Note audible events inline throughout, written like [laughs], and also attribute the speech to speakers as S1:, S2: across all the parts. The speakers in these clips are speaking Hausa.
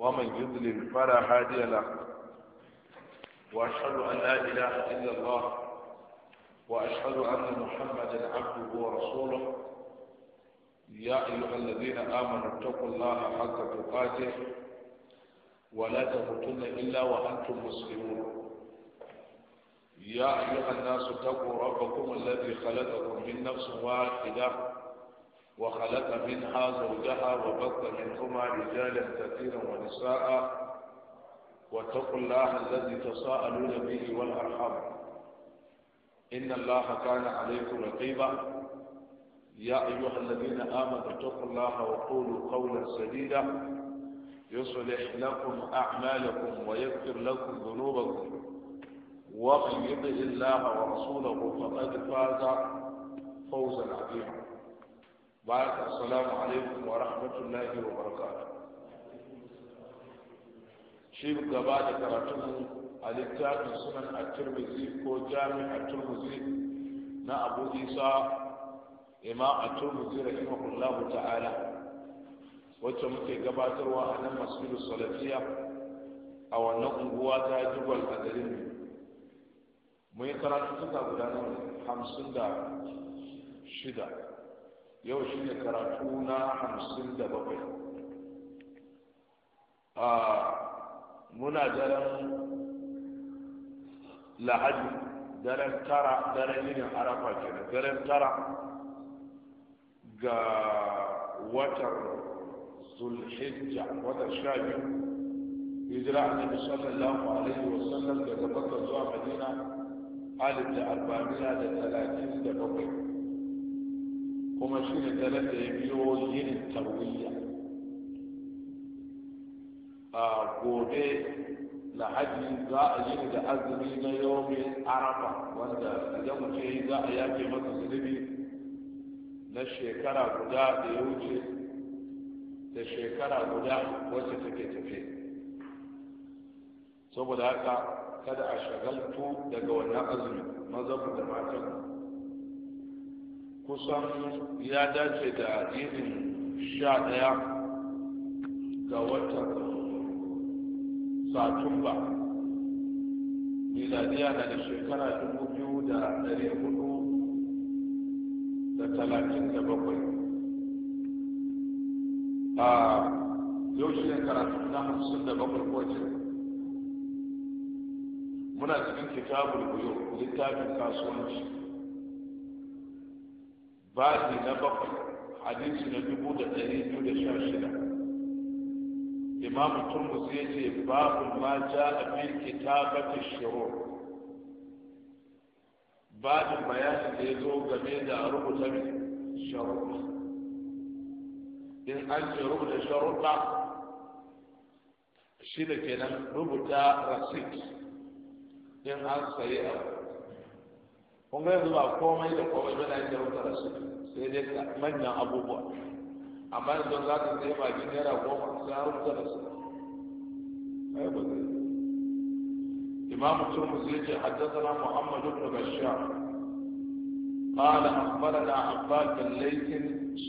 S1: ومن يضلل فلا هادي له وأشهد أن لا إله إلا الله وأشهد أن محمدا عبده ورسوله يا أيها الذين آمنوا اتقوا الله حق تقاته ولا تموتن إلا وأنتم
S2: مسلمون
S1: يا أيها الناس اتقوا ربكم الذي خلقكم من نفس واحدة وخلق منها زوجها وبث منهما رجالا كثيرا ونساء واتقوا الله الذي تساءلون به والارحام ان الله كان عليكم رقيبا يا ايها الذين امنوا اتقوا الله وقولوا قولا سديدا يصلح لكم اعمالكم ويغفر لكم ذنوبكم وقل يطع الله ورسوله فقد فاز فوزا عظيما بارك السلام عليكم ورحمة الله وبركاته شيب قبال كراتم الاتاك سنن الترمذي كو جامع الترمذي نا أبو إيسا إمام الترمذي رحمه الله تعالى وتمك muke gabatarwa a nan أو salafiya a تاجب unguwa ta jubal a garin ne mun shida yau shi ne karatu na hamsin da bakwai a muna daren lahadi daren tara daren yinin arafa kenan daren tara ga watan zulhijja watan sha biyu hijira annabi sallallahu alaihi wa sallam daga makka zuwa madina alif da arba'ina da talatin da bakwai kuma shi ne zanen da ya biyo yin tarwiyya a gobe lahadi za a yi da azumi na yawon arafa wanda idan mutum yi za a yake masa zunubi na shekara guda da ya wuce da shekara guda wacce take tafe saboda haka kada a shagaltu daga wannan azumi maza da matan kusan ya dace da yinin sha ɗaya ga watan satumba miladiya na da shekara dubu biyu da ɗari hudu da talatin da bakwai a yau shi ne karatu na hamsin da bakwai kwace muna cikin kitabul buyo littafin kasuwanci babi na bakwai hadisi na dubu da ɗari biyu da sha shida tun turmus ya ce babu ma ja a fi ta shiro babin bayani da ya zo game da rubuta sharuɗa in an ce rubuta sharuɗa shi da kenan rubuta rasit in an sayi abu kun ga yanzu ba komai da komai ba na yin jarumta da su sai dai manyan abubuwa amma yanzu za ka sai bakin naira goma sai harumta da su ai ba zai imam turmuzi yace haddathana muhammad ibn bashar قال أخبرنا عباد بن ليث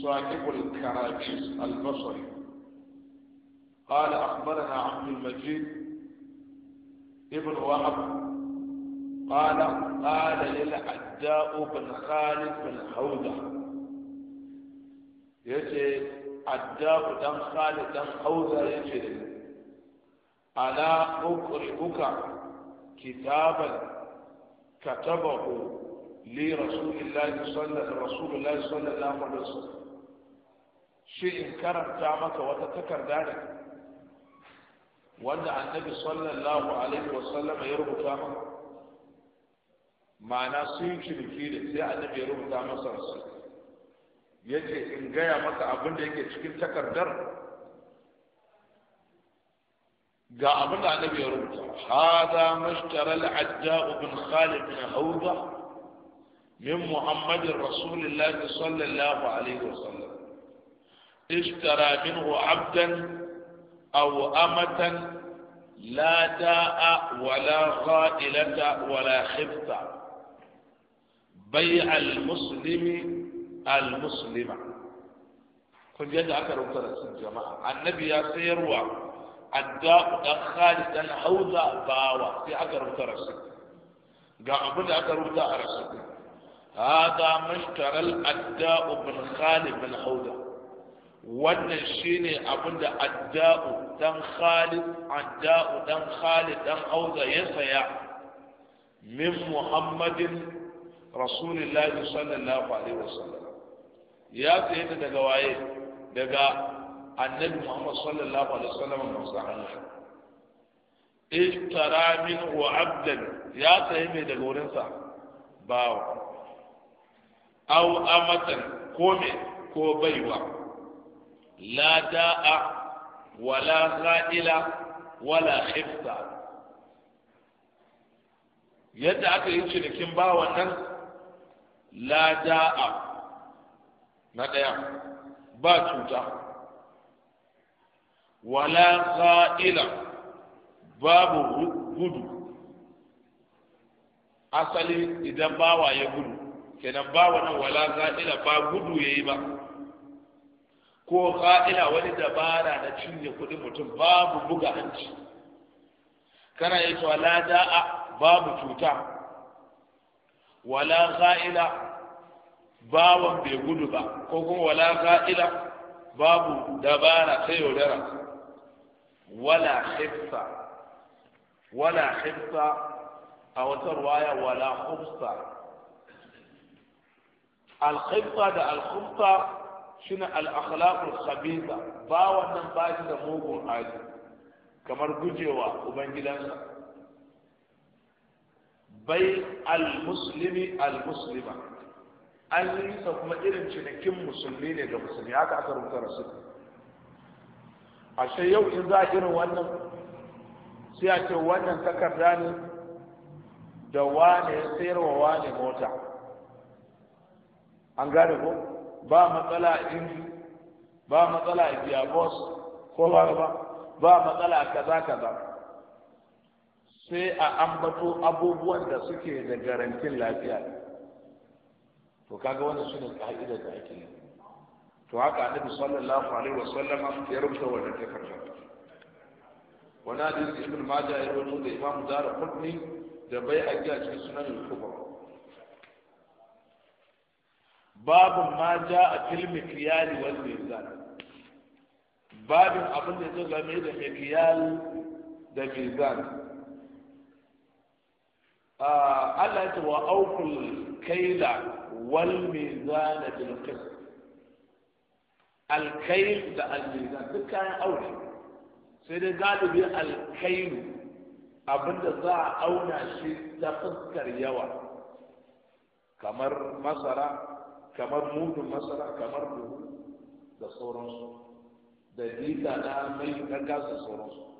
S1: صاحب الكرابيس البصري قال أخبرنا عبد المجيد ابن وهب قال قال للعداء بن خالد بن حوزة يجي عداء بن خالد بن حوزة يجي ألا أقرئك كتابا كتبه لرسول الله صلى رسول الله صلى الله عليه وسلم شيء كرم تعمك وتتكر ذلك وأن النبي صلى الله عليه وسلم يربط تعمك ma'ana sun ciniki da sai annabi ya rubuta masa su ya ce in gaya masa abin da yake cikin takardar ga abin da annabi ya rubuta hada mashtara al-adda ibn khalid bin hawda min muhammad rasulullah sallallahu alaihi wasallam ishtara minhu abdan aw amatan la da'a wala qa'ilata wala khifta bai al-muslimi al-muslima kun ji yadda aka rubuta rasul jama'a annabi ya sayarwa adda dan Khalid dan Hauza bawa sai aka rubuta rasul ga abin da aka rubuta a rasul hada mushtaral adda ibn Khalid bin Hauza wannan shine abin da adda'u dan Khalid adda'u dan Khalid dan Hauza ya saya min Muhammadin rasulillahi sallallahu alaihi wasallam ya tsaye daga waye daga annabi muhammad sallallahu alaihi wasallam manzo Allah ishtara min wa ya tsaye mai daga wurinsa bawa aw amatan ko me ko baiwa la da'a wala gha'ila wala khifta yadda aka yi cinikin bawan nan la da'a na ɗaya ba cuta wala za'ila babu gudu asali idan bawa ya gudu kenan ba nan wala za'ila ba gudu yayi ba ko za'ila wani dabara na cinye kuɗin mutum babu buga hanci kana yi to la da'a babu cuta ولا غائلة باب بيقول با كوكو ولا غائلة باب دبارة خيو درا ولا خفة ولا خفة أو ترواية ولا خبصة الخفة دا الخبصة شنو الأخلاق الخبيثة باوة نباجة موقع عادي كمر قجيوة وبنجلانسة bai al-muslimi al-muslima an yi sa kuma irin cinikin musulmi ne ga musulmi haka aka rubuta rasul ashe yau in za a irin wannan sai a ce wannan takarda ne da wane ya sayar wa wane mota an gane ko ba matsala a ba matsala a biya bos ko ba ba matsala a kaza kaza sai a ambato abubuwan da suke da garantin lafiya to kaga wannan shine ka'idar da ake yi to haka annabi sallallahu alaihi wa sallama ya rubuta take farko wani hadisi ibn majah ya rubuta da imam dara qutni da bai a cikin sunan kubra Babu ma a filmi kiyali ya zana. babin abin da ya zo game da kiyali da mizan Allah ya wa aukul kaila wal mizana bil qist alkail da almizan duk kayan aure sai dai galibi alkailu abinda za a auna shi ta fuskar yawa kamar masara kamar mudun masara kamar buhu da sauransu da dika na mai da sauransu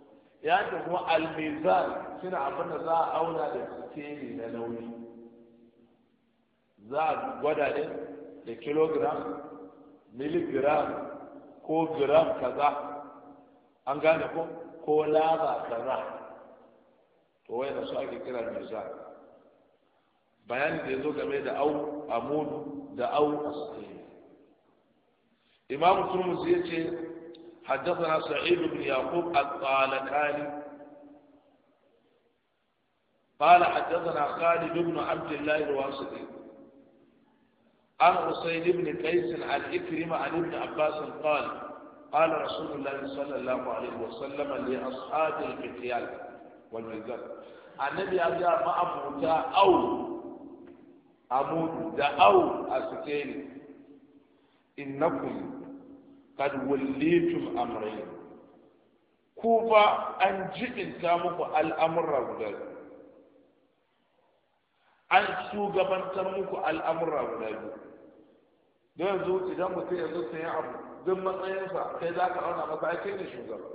S1: ya ce kuma almizan shine abin da za a auna da sikeli na nauyi za a gwada ne da kilogram miligram ko gram kaza an gane ko ko laba kaza to wai da su ake kira mizan bayani da ya zo game da au amudu da au a sikeli Imamu turmus ya ce حدثنا سعيد بن يعقوب الطالكاني قال حدثنا خالد بن عبد الله الواسطي عن حسين بن قيس عن إكرمة عن ابن عباس قال قال رسول الله صلى الله عليه وسلم لأصحاب المكيال والميزان النبي أجا ما أموتا أو أموت أو أسكيني إنكم kad wallitum amrayn ku fa an jibinta muku al'amura guda biyu an shugabantar muku al'amura guda biyu don yanzu idan mutum yanzu sai ya abu duk matsayinsa kai za ka auna masa ake ne shugaba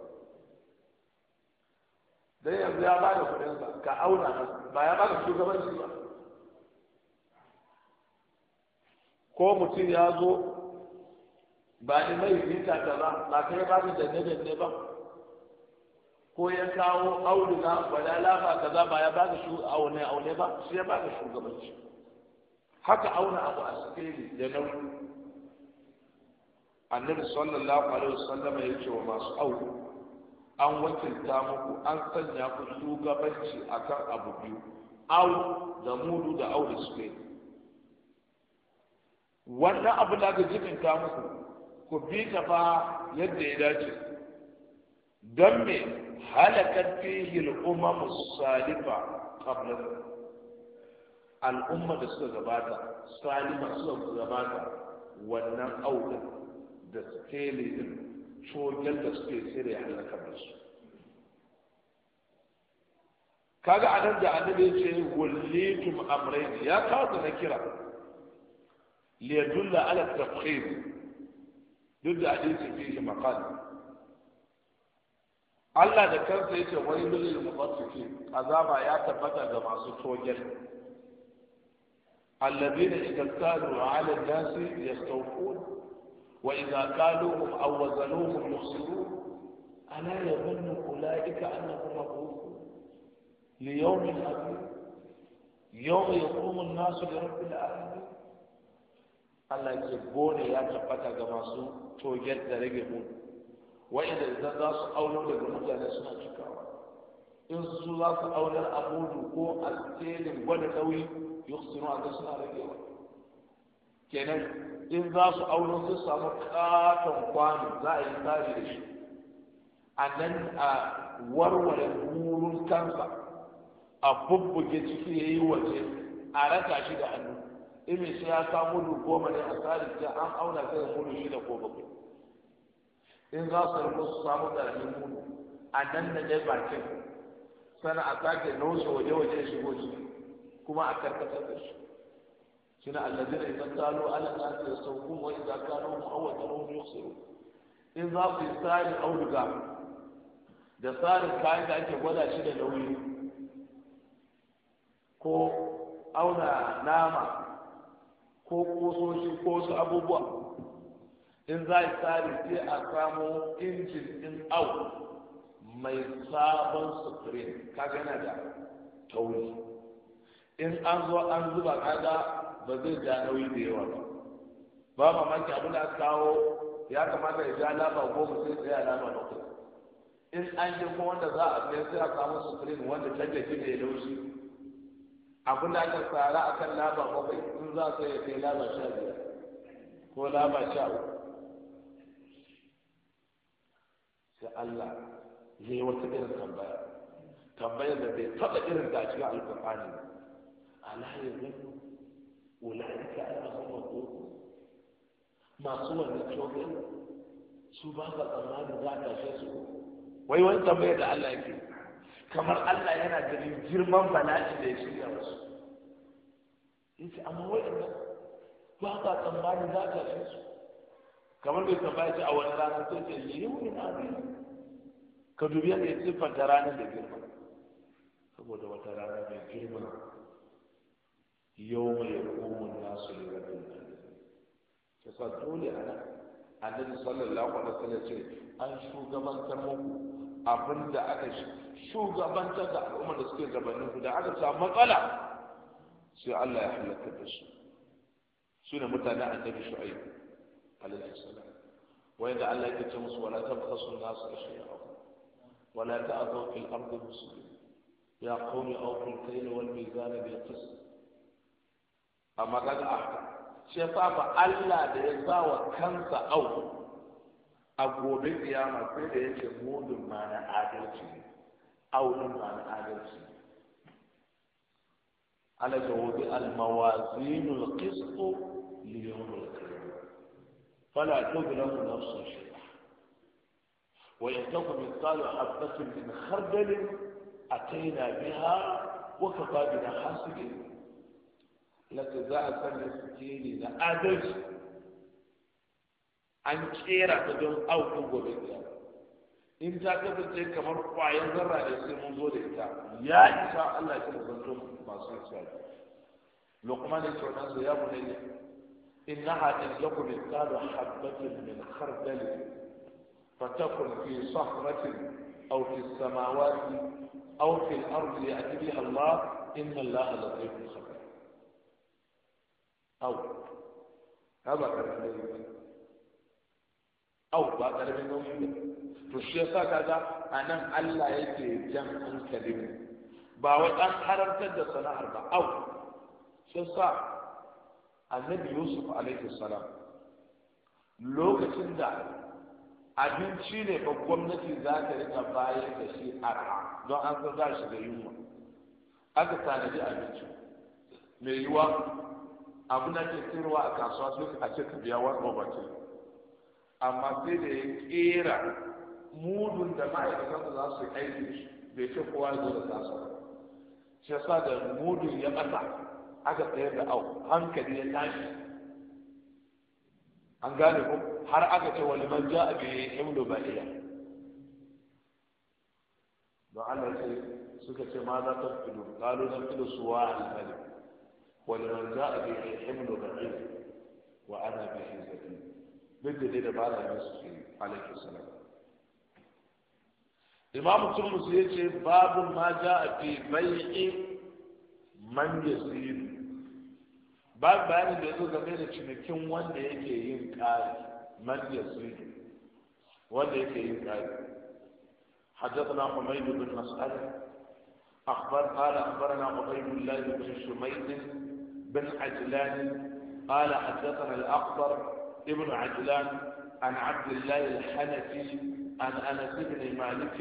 S1: don yanzu ya ba da kuɗinsa ka auna masa ba ya ba da shugabanci ba ko mutum ya zo ba ni mai fita ta ba kai ba ni danne danne ba ko ya kawo auduga ba da lafa kaza ba ya ba shu aune aune ba sai ya ba baka shugabanci haka auna abu a sikeli da nauyi annabi sallallahu alaihi wasallam ya ce wa masu aure an wakilta muku an sanya ku shugabanci akan abu biyu au da mudu da au da sikeli wannan abu da ga jikin ta muku ku bi ta fa yadda ya dace don me halakar fihi al'umma salifa qabla al'umma da suka gabata salima suka gabata wannan audin da stele din cogen da suke tsere halakar da su kaga nan da annabi ya ce wallitum amrayn ya kawo na kira liyadulla ala tafkhir duk da hadisi ce shi maqal Allah da kansa ce wani bilil mufassiki azaba ya tabbata ga masu togen. togel alladheena istaqalu 'ala an-nasi yastawqun wa idza qaluhum aw wazanuhum muhsinun ala yadhunnu ulaika annahum mabusun li yawmin adhim yawma yaqumu an-nasu da rabbil alamin Allah ya gode ya tabbata ga masu togen da rage mu wa'inda idan za su auno daga mutane suna cikawa in su za su aunar a mudu ko a tselin gwada nauyi yuksinu a suna ragewa kenan in za su auno su samu katon kwano za a yi tsari da shi a nan a warware burin kansa a bubbuge ciki ya yi waje a raka shi da hannu imi sai ya samu mudu goma ne a tsarin ta an auna sai da mudu shida ko bakwai in za su rubu su samu ƙaramin mudu a nan da dai bakin sana a sake nausa waje-waje shigo shi kuma a karkatar da shi shine allazina idan kalu ala nasi yasawqun wa idza kalu mu'awwatan yukhsirun in za su yi tsarin auduga da tsarin kayan da ake gwada shi da nauyi ko auna nama ko kusoshi ko su abubuwa in za a tsari sai a samu injin in au mai sabon sufurin ka gana da tauri in an zo an zuba kaga ba zai ja nauyi da yawa ba ba mamaki abin da kawo ya kamata ya ja laba goma sai tsaya laba bakwai in an ji kuma wanda za a fiye sai a samu sufurin wanda ta gaji da ya laushi abin da aka tsara a kan laba bakwai in za su yi kai laba sha biyar ko laba sha uku sai Allah ya yi wata irin tambaya tambayar da bai taɓa irin ta cikin alƙur'ani ba ala ya zanyo ulaika ala huma ko masu wani cokin su ba ka tsammani za a tashe su wai wani tambaya da Allah yake kamar Allah yana ganin girman bala'i da ya shirya musu yace amma wa'annan ba ka tsammani za ka fi su kamar bai tambaya ce a wani rana to ce yau ne na ka dubi yadda ya siffanta ranar da girma saboda wata rana mai girma yau mai hukumun nasu ne rabin nan ta sa dole ana annabi sallallahu alaihi wasallam ce an shugabantar muku abin da aka shugabantar da al'ummar da suke gabanin ku da aka samu matsala sai Allah ya halaka da su su ne mutane annabi shu'aib alaihi salam wanda Allah ya ce musu wala tabkhasu nas ashiya'a wala ta'dhu fil ardi muslimin ya qawmi awfu al-kayla wal mizana bil qist amma kaga ah, shi ya ba Allah da ya sa wa kansa au a gobe kiyama sai da yake mudun ma na adalci ne aunin ma na adalci ne ala ga wadi almawazinul qistu li yawmil qiyamah fala tuzlamu nafsun shay'a wa in takum mithqalu habatin min khardalin ataina biha wa kafa bina hasibin laka za a sanya sikeli na adalci an kera ta don auku gobe ta. in ta kasance kamar kwayan zarra da sai mun zo da ita ya isa Allah ya zanto masu tsari luqman ya ce masa ya bunayya innaha in lakum mithqalu habatin min khardal fatakun fi sahratin aw fi samawati aw fi al-ardi ya'ti biha Allah inna Allah latifun khabir aw haba karatu au ba karamin nauyi ba to shi yasa a nan Allah yake jan ne ba wai an haramtar da sana'ar ba au shi yasa annabi Yusuf alaihi salam lokacin da abinci ne ba gwamnati za ta rika bayar da shi arha don an san za shi da yunwa aka tanadi abinci mai yiwa abu na ke tsirwa a kasuwa sai a ce ka biya wani babakin amma sai da ya kera mudun da ma'aikatan za su aiki bai ce kowa zo da tasa shi yasa da mudun ya ɓata aka tsayar da au hankali ya tashi an gane ko har aka ce wani man a ja'a bi ba iya? don Allah sai suka ce ma za ta filo kalu na filo suwa al-malik wani man a ja'a bi ba iya? wa ana bihi zalim duk da dai da malamin su ke alaihi salam imam ya ce babu ma ja fi bai'i man yasir ba bayanin da ya zo game da cinikin wanda yake yin ƙari man yasir wanda yake yin ƙari حدثنا حميد بن مسألة أخبر قال أخبرنا عبيد الله بن شميد بن عجلان قال حدثنا الأخضر ابن عجلان عن عبد الله الحنفي عن انس بن مالك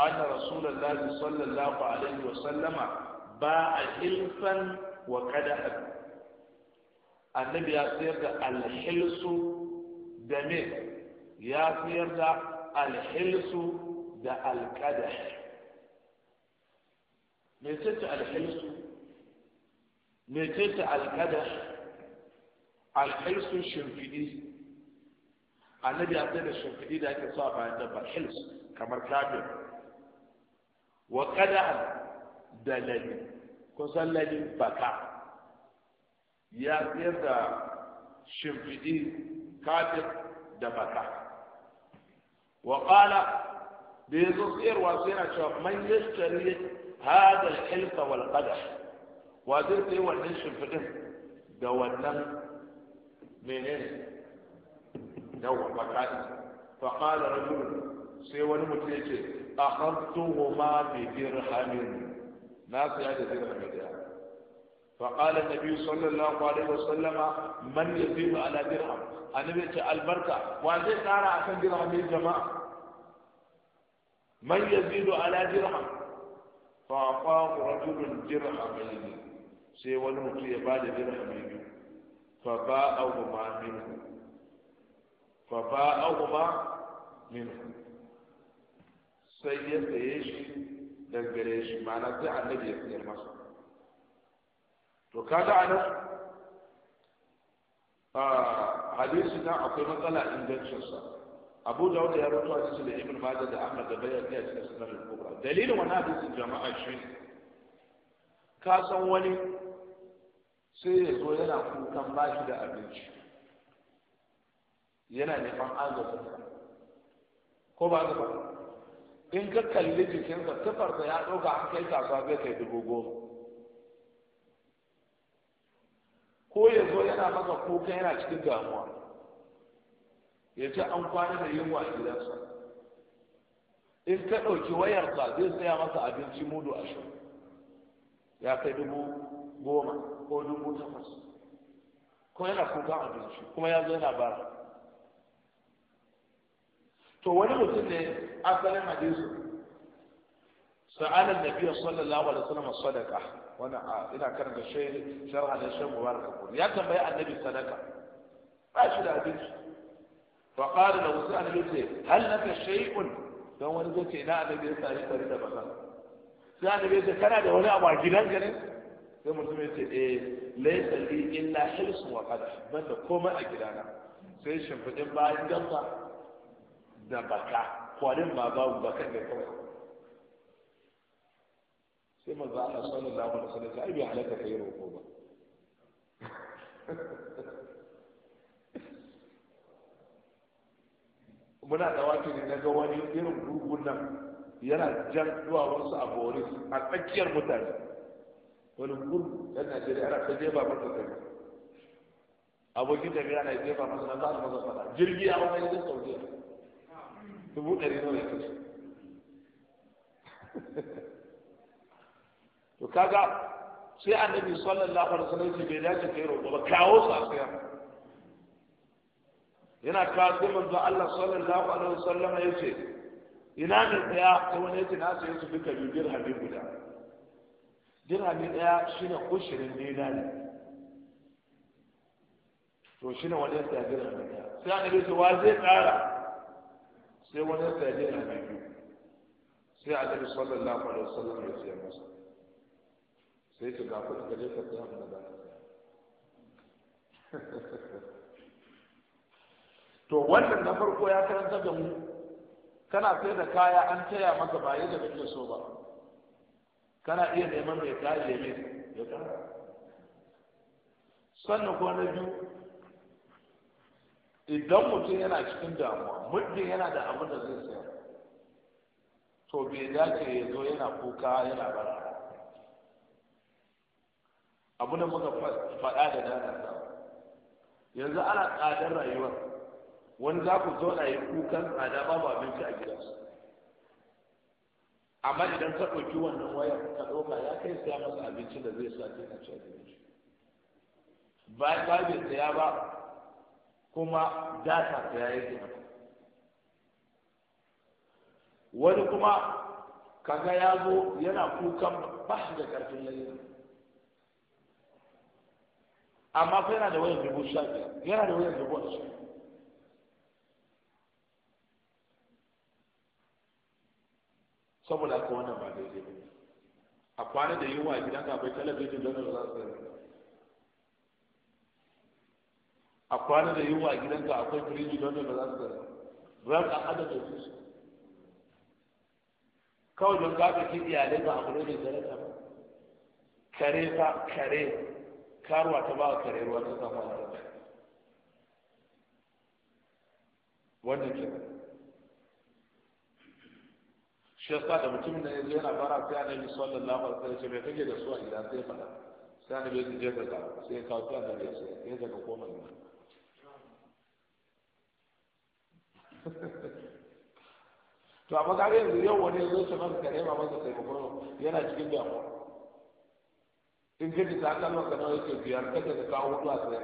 S1: ان رسول الله صلى الله عليه وسلم باع حلفا وقدحا النبي يصير الحلس دمير يصير الحلس ده القدح ميتت الحلس ميتت القدح alhilsu shimfiɗi annabi ya tsaye da shimfiɗi da ake sa bayan dabba hils kamar kafin wa qada'an da lani kusan lani baka ya tsayar da shimfiɗi kafin da baka wa qala da ya zo tsayarwa wasu yana cewa man yashtari hada alhilsa wal qada' wa zai tsaye wannan shimfiɗin da wannan Mene menene yawwa fata'i fa qala rajul sai wani mutum yace akhartu huma bi dirhamin na sai da dirham da fa qala nabi sallallahu alaihi sallama, man yabiu ala dirham annabi ce albarka wa a kan akan dirham jama'a
S2: man yazidu ala dirham
S1: fa qala rajul dirhamin sai wani mutum ya bada dirhamin biyu fa ba'ahuma minhu fa sai ya saye shi daga gare shi ma'ana sai annabi ya sayar masa to kaga anan a na akwai matsala ingancinsa abu da wanda ya rutu a cikin da ibn majah da ahmad da ya cikin dalilin wani hadisin jama'a shi ka san wani sai ya zo yana kukan ba shi da abinci yana neman agaba ko ba ga ba in ka kalli jikinsa tufarsa ya ɗauka an kai kasuwa zai kai dubu goma ko ya zo yana maka kukan yana cikin damuwa ya ce an kwana da yunwa a gidansa in ka ɗauki wayarsa zai tsaya masa abinci mudu ashirin ya kai dubu goma ko dubu takwas ko yana kuka a kuma ya zo yana bara to wani mutum ne asalin hadisu sa'alan nabiya sallallahu alaihi wasallam sadaqa wani ina karanta shi sharha da shi mubarak ya tambayi annabi sadaka ba shi da abinci fa qala lahu sa'alan yace hal laka shay'un dan wani zai ce ina annabi ya sari tare da bazan sai annabi ya ce kana da wani abu a ka ne sai mutum ya ce eh laisa li illa hirsu wa qadar banda komai a gidana sai shimfidin bayan gamba da baka kwarin ba babu baka da kawai sai manzo Allah sallallahu alaihi wasallam sai bai halaka kai roƙo ba [laughs] muna da wato ne daga wani irin gurgun nan yana jan wasu a boris a tsakiyar mutane wani gurgu yan najeriya ana ta jefa masa kai abokin tafiya na jefa masa na za a masa fada jirgi a wani yanzu saudiya
S2: dubu ɗari nawa ya kashe
S1: [laughs] to kaga sai annabi sallallahu alaihi wasallam ce bai dace kai roƙo ba kawo su a tsaya yana kawo sai manzo Allah sallallahu alaihi wasallam ya ce ina ne tsaya sai wani ya ce na sai su duka bibiyar hadin guda dirhami ɗaya shi ne dina ne to shi ne wani ya saya dirhami ɗaya sai annabi ce wa zai ƙara sai wani ya saya dirhami biyu sai annabi sallallahu alaihi wasallam ya saya masa sai ce ga kuɗi ka je ka saya mana da
S3: [laughs]
S2: to wannan na
S1: farko ya karanta da mu kana sai da kaya an taya maka ba yadda kake so ba kana iya neman mai kare ya mai ya kare sannan ko na biyu idan mutum yana cikin damuwa muddin yana da abin da zai sayar to bai dace ya zo yana kuka yana bara abu da muka faɗa da dana yanzu ana tsadar rayuwar wani za ku zo na yi kukan tsada babu abinci a gidansu amma idan ka ɗauki wannan wayar ka ɗauka ya kai siya masa abinci da zai sa ke kacce abinci bayan ba bai saya ba kuma data saya yake mata wani kuma kaga ya zo yana kukan ba shi da ƙarfin lalle amma fa yana da wayar dubu sha biyar yana da wayar dubu ashirin saboda haka wannan ba daidai ba a kwana da yunwa gidan ka bai talabijin don da za su gani a kwana da yunwa gidan ka akwai firiji don da za su gani ran an hada da su kawai don ka ka kiɗi a ba abu ne da jarata ba kare fa kare karuwa ta ba kare ruwa ta samu a wannan kenan shi yasa da mutum da yanzu yana fara sai suwan sallallahu alaihi wasallam ce bai kage da su a gida sai fada sai annabi ya je ka sai ya kawo annabi ya sai ya daga koma gida to amma kaga yanzu yau wani yanzu ce maka kare ma masa sai kuma yana cikin damuwa in ka ji ta kalma kana yake biyar kada ka kawo hutu a sai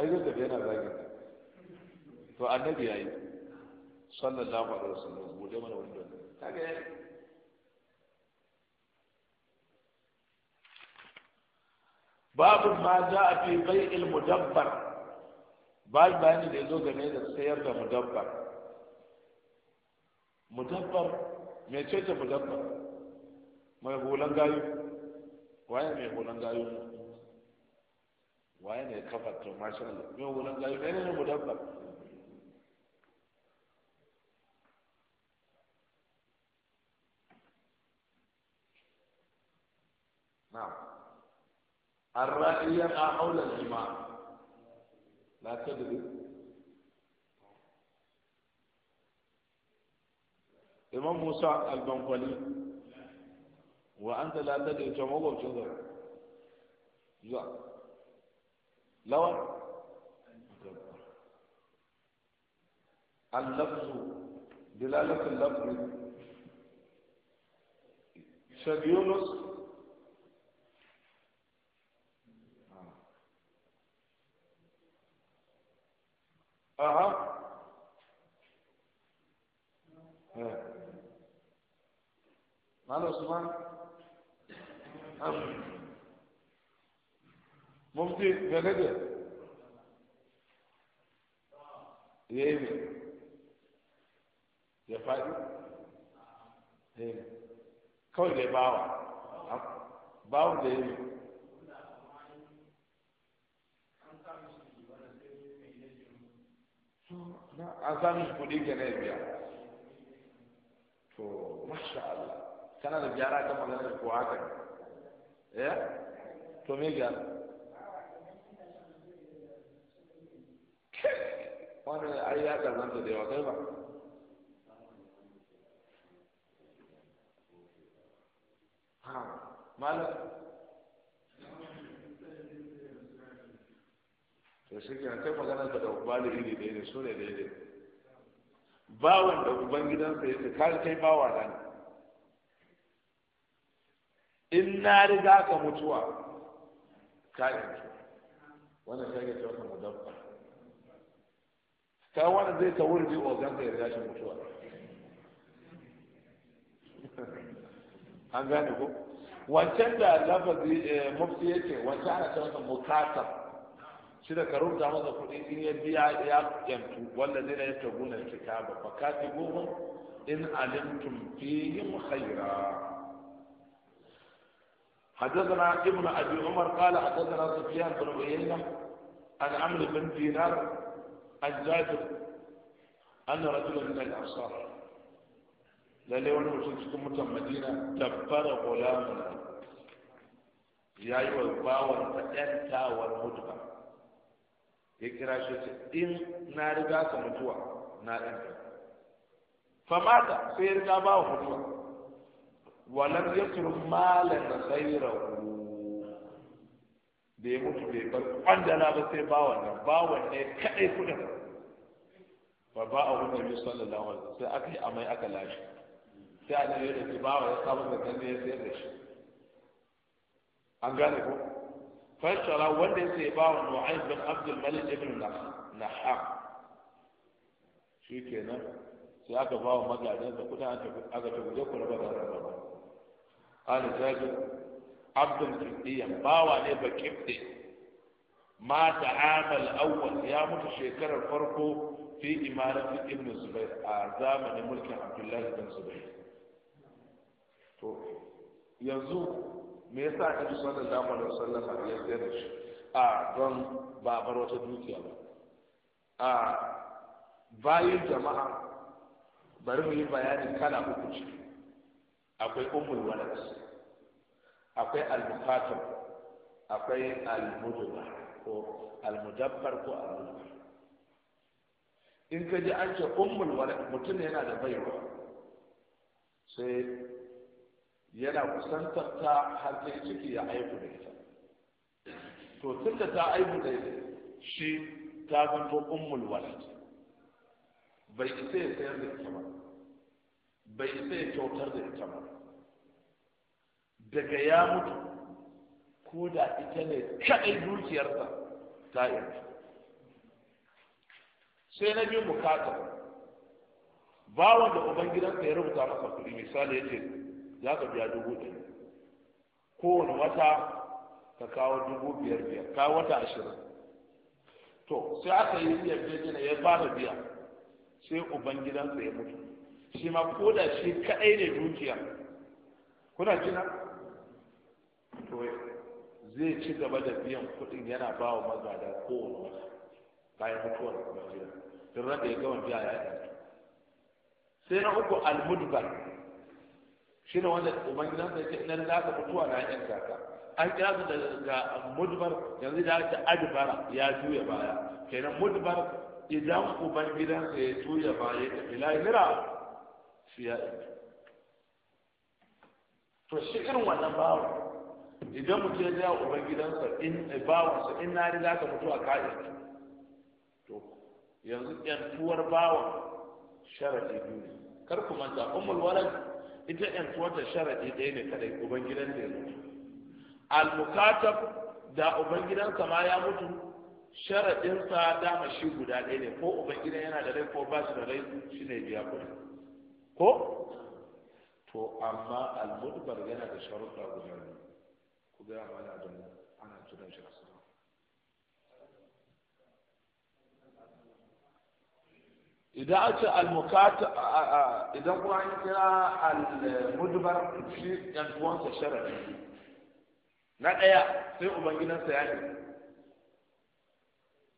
S1: ai zai tafi yana zagi to annabi ya yayi sallallahu alaihi wasallam gode mana wani wannan babu ma za a fi bai'il mudabbar ba bayani da ya zo game da sayar da mudabbar mudabbar mai cece mudabbar mai hulan waye mai hulan waye ne kafa to masha mai hulan gayu ne ne mudabbar الرأي يقع حول الإمام لا تدري إمام موسى البنقلي وأنت لا تدري جمعه وجوده لا لو اللفظ دلالة اللفظ شيخ يونس aha Malam Usman mufti gane da ya yi ya faɗi kawai da ya bawa bawa da ya yi an sami kuɗi ke na biya to masha Allah kana da gyara kan maganar ko haka eh to me gyara wani ai ya kazanta da yawa kai ba ha malam to shi ke kai magana da ubali iri da ne su ne daidai bawan da gidansa ya ce kai kai bawa na in na riga ka mutuwa ka yanzu wannan ta ake wata ka ka wani zai ta wurbi ogan da ya riga shi mutuwa [laughs] an gane ko wancan da lafazi eh, mafi yake wancan ana cewa mukatar shi da ka rubuta masa kuɗi in ya biya ya yantu wanda zai na yake gona kitaba in alimtum fihim khaira حدثنا ابن ابي عمر قال حدثنا سفيان بن عيينه عن عمرو بن دينار عن جابر ان رجلا من الانصار لا لون وشكم متم مدينه دبر غلامنا يا ايها الباور فانت والهدبه ya kira shi ce in na riga ka mutuwa na ɗan ka famata sai ya riga ba wa mutuwa walam yatru malan ghayrahu da ya mutu bai bar kwandala ba sai ba wannan ba ne kadai kudin ba ba a wurin nabi sallallahu alaihi wasallam sai aka yi amai aka lashe sai a nan ya ba bawa ya samu da kan ya sayar da shi an gane ko fashara wanda ya sai ba wa nu'ayn bin abdul malik ibn Shi kenan sai aka ba wa magadan da kudin aka ta guje ku raba da raba qala jabir abdul qibdiyan bawa ne ba qibdi ma ta'amal awwal ya mutu shekarar farko fi imarati ibn zubair a zamanin mulkin abdullahi bin zubair to yanzu me yasa annabi sallallahu alaihi wasallam ya sayar da shi a don babar wata dukiya ba a bayan jama'a bari mu yi bayanin kala uku ce akwai umul walad akwai al akwai al ko al-mudabbar ko al-mudabbar in ka ji an ce ummul walad mutum yana da baiwa sai yana kusantar ta har sai ciki ya aiku da ita to tunda ta aiku da shi ta zanto ummul walad bai isa ya sayar da ita ba bai isa ya kyautar da ita ba daga ya mutu ko da ita ne kaɗai dukiyarsa ta yarda sai na biyu bukata bawon da ubangidansa ya rubuta masa kuɗi misali ya ce za ka biya dubu ɗari kowane wata ka kawo dubu biyar biyar kawo wata ashirin to sai aka yi yarjejina ya fara biya sai ubangidansa ya mutu shi ma ko da shi kaɗai ne dukiya kuna jina to zai ci gaba da biyan kuɗin yana ba wa mazada kowane wata bayan mutuwar uban gidan duk da ya gama biya ya yi sai na uku almudbar shi ne wanda ubangidan sai ce idan za ka mutuwa na yan kaka an kira su daga mudbar yanzu da ake adbara ya juya baya kenan mudbar idan ubangidan sai ya juya baya ya tafi lahira shi ya ɗauki to shi irin wannan bawa idan mutum ya ja ubangidansa in eh, bawansa in na za ka fito a to yanzu tuwar bawan sharafi biyu kar ku manta ummul walad ita yan tuwata sharaɗi ɗaya ne kadai ubangidan da ya mutu al-mukatab da ubangidansa ma ya mutu sharaɗinsa dama shi guda ɗaya ne ko ubangidan yana da rai ko ba shi da rai shi ne biya kuɗi ko to amma al-mudbar yana da sharuɗa guda ne ku ga amana da ana tunan shi idan a ce almukata idan kuma an kira almudbar shi yan uwansa sharafi na ɗaya sai ubangidansa ya ne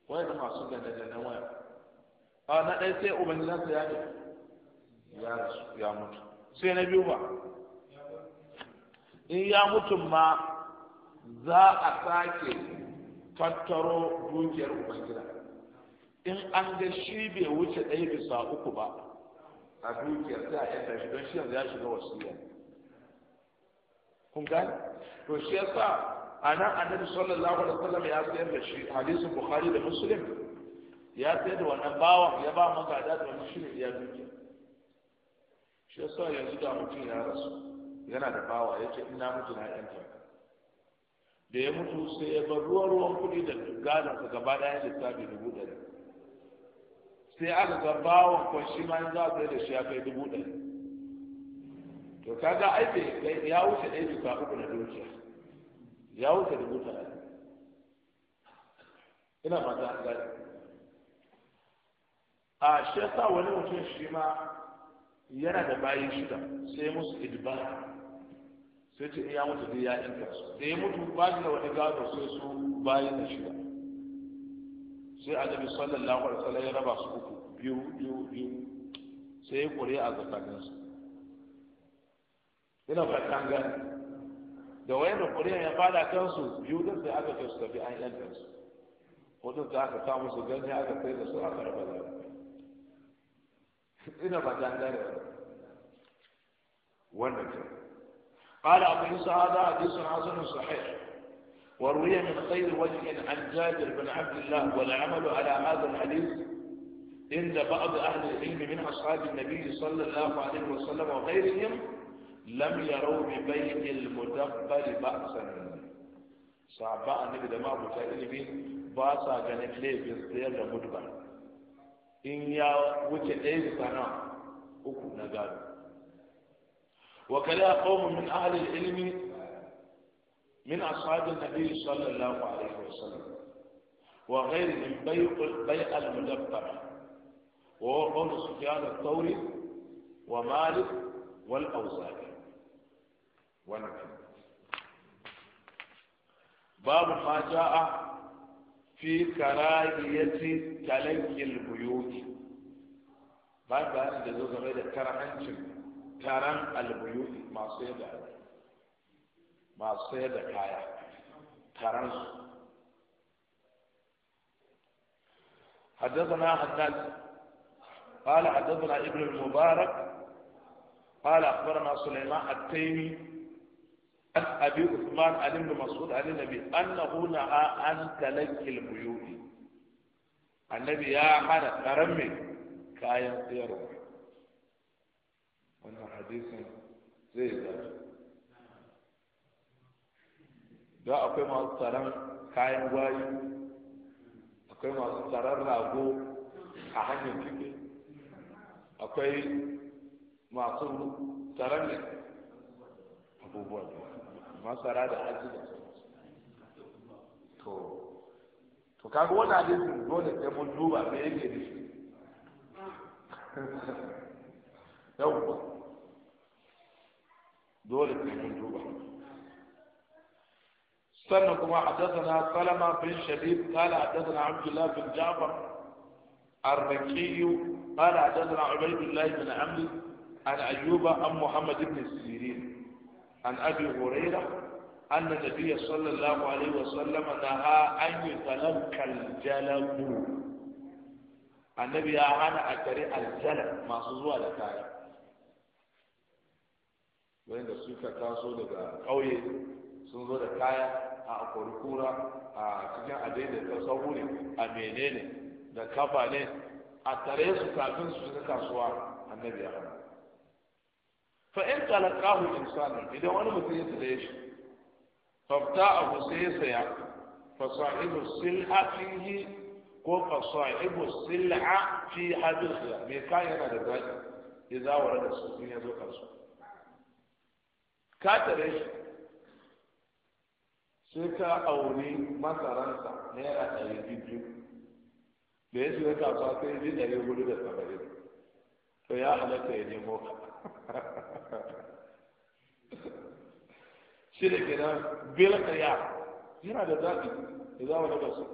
S1: wai da masu gane gane waya a na ɗaya sai ubangidansa ya ne ya mutu sai na biyu ba in ya mutu ma za a sake tattaro dukiyar ubangida in an ga shi bai wuce ɗaya bisa uku ba a dukiyar sai a yadda shi don shi yanzu ya shiga wasiya kun gani to shi yasa anan annabi sallallahu alaihi wasallam ya sayar da shi hadisin bukhari da muslim ya sayar da wannan bawan ya ba gada da wani shi ne ya dukiya shi yasa yanzu da mutum ya rasu yana da bawa ya ce ina mutu na yanta da ya mutu sai ya bar ruwan ruwan kuɗi da gadonsa gaba ɗaya da lissafi dubu ɗari sai aka ga bawon ko ma yanzu a sai da shi ya kai dubu ɗari to kaga ai ya wuce ɗaya duka uku na dukiya ya wuce dubu ɗari ina fata an gari a shi yasa wani mutum shi ma yana da bayan shida sai musu idibar sai ce in ya mutu dai ya inka su da ya mutu ba shi da wani gado sai su bayan na shida sai annabi sallallahu alaihi wasallam ya raba su uku biyu biyu biyu sai ya kore a zakanin su ina fatan ga da wayan da kore ya fada kansu biyu din sai aka kai su tafi an yanka su hudun da aka samu su gani aka kai da su aka raba da ina fatan ga wannan ke قال أبو يوسف هذا حديث حسن صحيح وروي من غير وجه عن جابر بن عبد الله والعمل على هذا الحديث عند بعض أهل العلم من أصحاب النبي صلى الله عليه وسلم وغيرهم لم يروا ببيت المدبر بأسا صعباء النبي دماء متعلمين باسا ganin laifin sayar da mudbar in ya wuce ɗaya da sana uku na gado وكلا قوم من أهل العلم من أصحاب النبي صلى الله عليه وسلم وغيرهم بيع البيع المدبر وهو قول سفيان الثوري ومالك والأوزاعي ونحن باب ما جاء في كراهية تلك البيوت بعد ذلك da zo game البيوت معصية taron masu sayar da kaya حدثنا حداد قال حدثنا ابن المبارك قال اخبرنا سليمان التيمي عن ابي عثمان عن ابن مسعود عن النبي انه نهى عن تلك البيوت النبي يا حنا ترمي كاين سيرو wannan hadisin زي ذلك don akwai masu tsaron kayan gwari akwai masu tsaron rago a hanyar ciki akwai masu tsaron ne abubuwa ne masara da aji da to to kaga wani hadisin dole ya mun duba me yake da shi [laughs] yawwa dole ya mun duba sannan حدثنا سلمة بن شبيب قال حدثنا عبد الله بن جعفر الرقي قال حدثنا عبيد الله بن عمرو عن ايوب عن محمد بن السيرين عن ابي هريره أن النبي صلى الله عليه وسلم نهى أن يتلوك الجلب النبي يا هانا الجلب ما سوى لكايا وين سوكا تاسو لك قوي sun zo da kaya a kurkura a cikin adaidai da sauro ne a menene da kafa ne a tare su kafin su shiga kasuwa annabi ya hana fa in talaqahu insanu idan wani mutum ya tare shi fa ta abu sai ya saya fa sa'ibu silhatihi ko fa sa'ibu sil'a fi hadithi me ka yana da zaki ya zawara da su ya zo kasuwa ka tare shi sai ka auni masaransa naira ɗari biyu da ya shiga kasuwa sai ji ɗari hudu da saba'in to ya halatta ya nemo ka shi da gina bilka ya yana da zaɓi ya za wani basu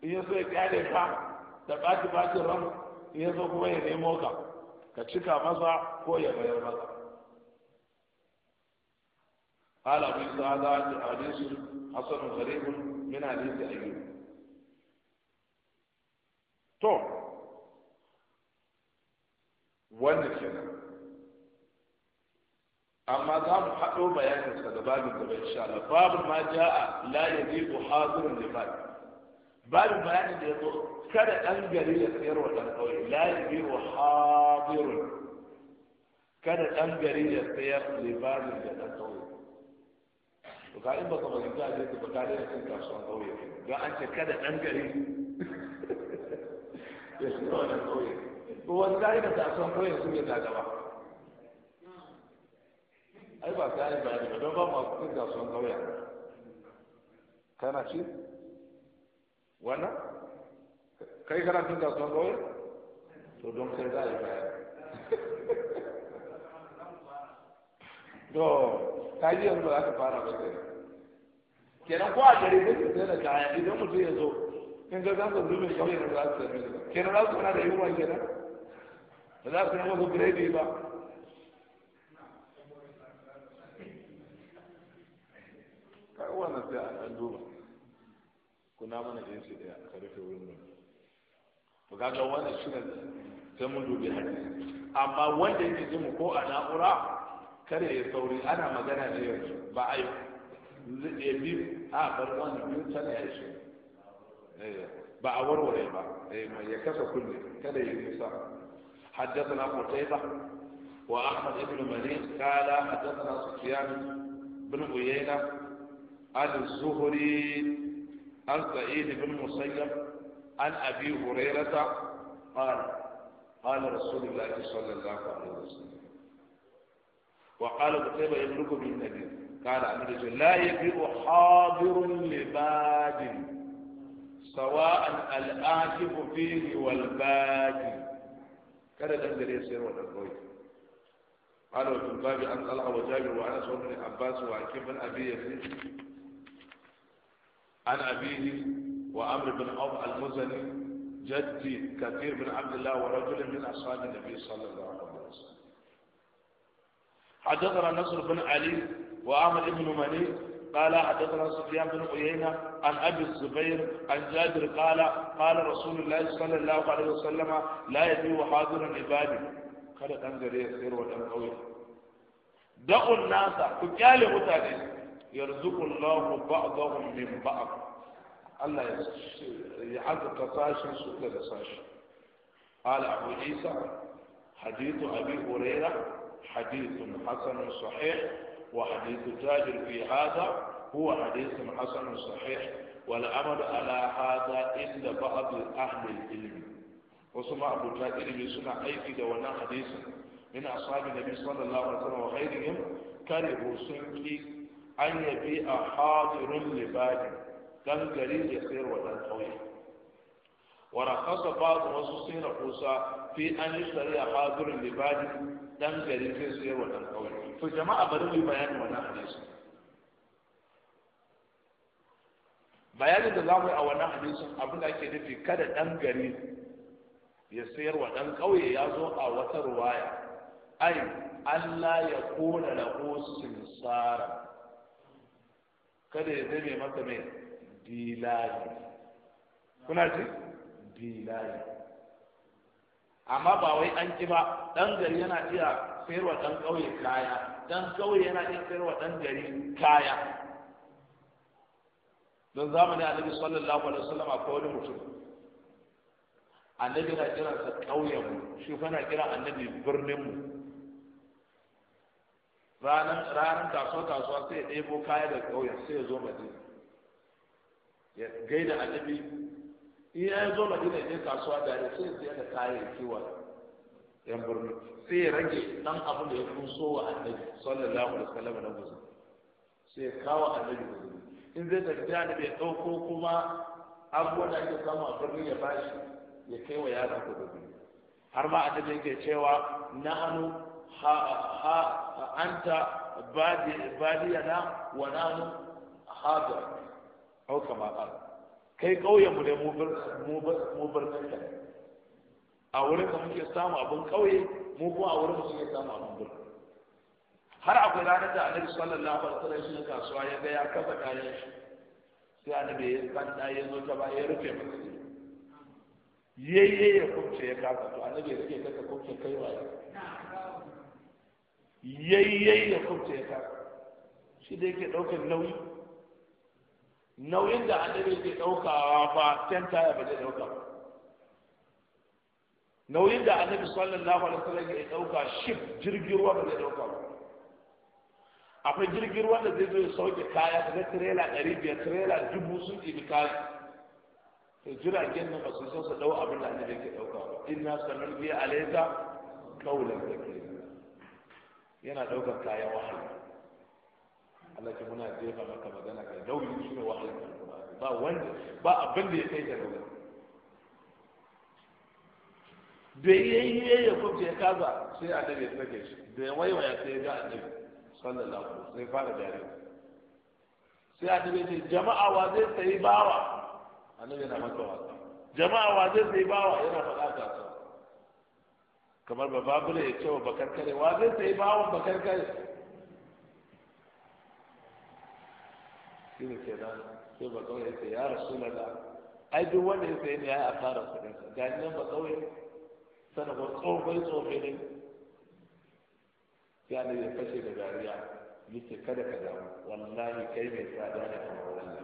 S1: in ya so ya kyale ka da ɓaci ɓacin ramu in ya so kuma ya nemo ka ka cika masa ko ya bayar masa قال أبو يوسف هذا حديث حسن غريب من حديث أيوب to wannan kenan amma za mu haɗo bayaninsa da babin gaba insha Allah babu ma ja'a la yadiqu hadirin libad babin bayanin da yazo kada dan gari ya sayar wa dan kauye kada dan gari ya sayar libadin da dan to ka in baka bari ka je ka fita da cin kasuwan kauye don an ce kada dan gari ya shi da kauye
S2: Ko wani kai da kasuwan kauye su ne da gaba
S1: ai ba ka yi bayani ba don ba mu cin kasuwan kauye kana ci wannan kai kana cin kasuwan kauye to don kai za a yi
S2: bayani [laughs]
S1: to kaji yanzu ba za ka fara ba kai kenan ko a gari ne su sai da kaya idan mutum ya zo in ga zan zanzu mai kauye da za su sami ba kenan za su kana da yunwa kenan ba za su yi wasu biredi ba kai wannan sai an duba kuna mana ɗin su ɗaya ka rufe wurin nan to kaga wannan shi ne sai mun dubi hadisi amma wanda yake ji mu ko a na'ura kada ya sauri ana magana da yau ba a yi ya biyu a bar wani biyu tana ya shi eh, ba a warware ba eh, ya kasa kulle kada ya nisa حدثنا قتيبة وأحمد بن مريم قال حدثنا سفيان بن عيينة عن الزهري عن سعيد بن مسيب عن أبي هريرة قال قال رسول الله صلى الله عليه وسلم وقال قتيبة يملك به النبي قال أمير لا يبيع حاضر لباد سواء الآكف فيه والباد كان دندر يسير والأبوي قال وفي الباب أن طلع وجابر وأنس وابن عباس وعكيم بن أبي يزيد عن أبيه وأمر بن عوف المزني جدي كثير بن عبد الله ورجل من أصحاب النبي صلى الله عليه وسلم حدثنا نصر بن علي وعمر بن مني قال حدثنا سفيان بن عيينة عن أبي الزبير عن جابر قال قال رسول الله صلى الله عليه وسلم لا يبي حاضر عبادي قال أنزل يسير ya sayar wa ɗan ƙauye da'un nasa ku kyale mutane yarzuqullahu ba'dahum min ba'd Allah ya قال أبو عيسى حديث أبي هريرة حديث حسن صحيح وحديث تاجر في هذا هو حديث حسن صحيح والأمر على هذا عند بعض أهل العلم وسمع أبو تاجر أي كده ونا حديث من أصحاب النبي صلى الله عليه وسلم وغيرهم كرهوا سنكي أن يبيع حاضر لباد كان قريب يسير ولا قوي ورخص بعض وسوسين رخصا في أن يشتري حاضر لباد dan gari zai sayar wa dan kauye to jama'a bari mu yi wannan hadisi bayanin da zamu yi a wannan hadisin abin da ake nufi kada dan gari ya sayar wa dan kauye ya zo a wata ruwaya ai Allah ya kona lahu sinsara kada ya zame masa mai dilali kuna ji dilali amma ba wai an ki ba dan gari yana iya sayarwa dan kauye kaya dan kauye yana iya sayarwa dan gari kaya don zamani annabi sallallahu alaihi wasallam akwai wani mutum annabi na kira sa kauyen mu shi fa na kira annabi birnin mu ranar ranar kasuwa kasuwa sai ya ɗebo kaya da kauyen sai ya zo madina ya gaida annabi in ya zo gina ne kasuwa da ya sai sai da kayan kiwa yan birni sai ya rage dan abu da ya kunso wa annabi sallallahu alaihi wasallam na guzu sai ya kawo annabi guzu in zai tafi da ne bai dauko kuma abubuwan da ake samu a birni ya bashi ya kai wa yaran ku birni har ma annabi yake cewa anu ha ha anta badiyana wa nanu hadir au kama kai kauye mu ne mu bar kanka a wurin da muke samu abin ƙauye mu kuma a wurin muke samu abin birni har akwai ranar da annabi sallallahu alaihi wasallam shi kasuwa ya ga ya kasa kayan shi sai annabi ya san da ya zo ta ba ya rufe masa yayye ya kumce ya kasa to annabi ya rike kaka kumce kai waye yayye ya kumce ya kasa shi da yake daukar nauyi nauyin da annabi zai ɗaukawa fa ten taya ba zai ɗauka ba nauyin da annabi sallallahu alaihi wasallam ya ɗauka ship jirgin ruwa ba zai ɗauka ba akwai jirgin ruwa da zai zo ya sauke kaya na tirela ɗari biyar tirela dubu sun ibi kaya to jiragen nan ba su san su abin da annabi ke dauka ba inna sanar biya alaika kaulan zakira yana ɗaukar kayan wahala Allah ce muna jefa maka magana kai dauri shi ne wahalar alqur'ani ba wanda ba abin da ya kai da dauri da yayi yayi ya kuma ya kaza sai annabi ya sake shi da ya waiwaya sai ya ga annabi sallallahu alaihi wasallam sai fara dare sai annabi ya ce jama'a wa zai sai bawa annabi yana maka wasa jama'a wa zai sai bawa yana faɗa ta kamar ba babule ya ce wa bakarkare wa zai sayi bawan bakarkare shine ke da, sai ba kawai ya ya rasu da ai duk wanda ya sayi ne ya yi kudin kuɗin sa ga nan ba kawai sana ba tsofai tsofai ne ya ne ya kashe da dariya ya kada ka damu wallahi kai mai tsada ne a wurin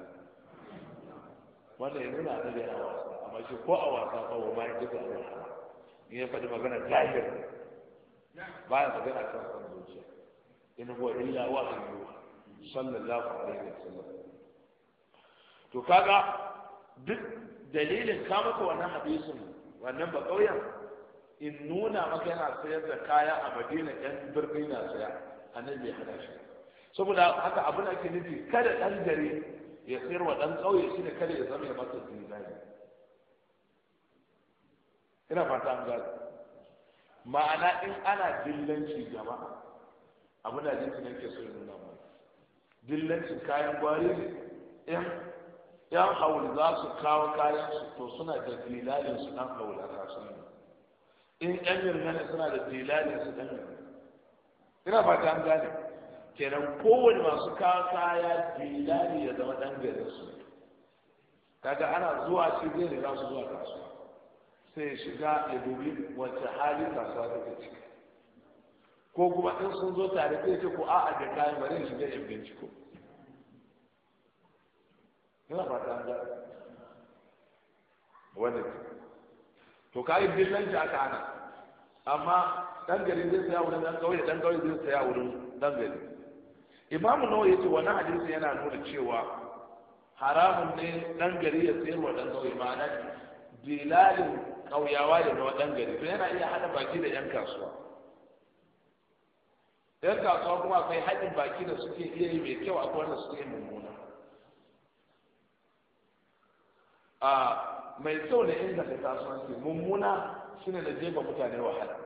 S1: wanda ya nuna da a wasa amma shi ko a wasa ba ma ya kisa a wasa in ya faɗi magana zahir ba ya magana kan kan zuciya in huwa illa wa'idu sallallahu alaihi wa sallam to kaga
S3: duk dalilin ka maka wannan
S1: hadisin wannan ba kauyen in nuna maka yana sayar da kaya a madina yan birni na saya A nan ya hada shi saboda haka abin ake nufi kada dan gari ya sayar wa dan kauye shine kada ya zama ya masa dinari ina fata an gaza ma'ana in ana dillanci jama'a abin da ne ke so ya nuna mana dillancin kayan gwari ne yan yan hauli za su kawo kayan su to suna da dilalin su dan haul a kasuwa. in yan mirgana suna da dilalin su dan ina ba an gane kenan kowane masu kawo kaya dilali ya zama dan garin su kaga ana zuwa shi zai za su zuwa kasuwa sai ya shiga ya dubi wacce hali kasuwa take ciki ko kuma in sun zo tare sai ce ko a'a da kayan bari shiga ya binciko ina fata ga wadda to kai ta aka ana amma dan gari zai saya wurin dan kauye dan kauye zai saya wurin dan gari imamu nawa yace wannan hadisi yana nuna cewa haramun ne dan gari ya sayar wa dan kauye ma'ana bilalin kauyawa ya na dan gari to yana iya hada baki da yan kasuwa yan kasuwa kuma akwai haɗin baki da suke iya yi mai kyau akwai wanda suke mummuna a mai kyau na inganta kasuwanci mummuna shine da jefa mutane wahala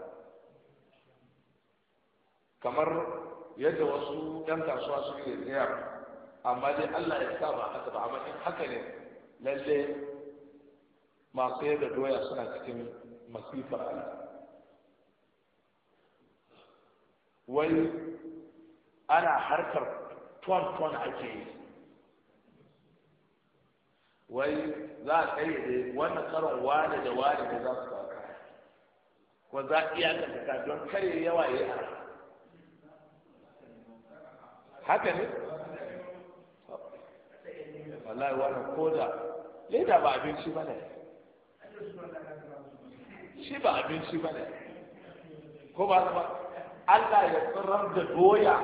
S1: kamar yadda wasu yan kasuwa suke tsaya amma dai Allah ya sa ba haka ba amma in haka ne lalle masu yadda doya suna cikin masifar Allah wai ana harkar ton ton ake yi wai za a da wannan karon wane da wane da za su kawo ko za a iya ka don kai yawa yi a haka ne
S2: wallahi wannan koda leda ba abinci
S1: ba ne shi ba abinci ba ne ko ba ba Allah ya tsirar da doya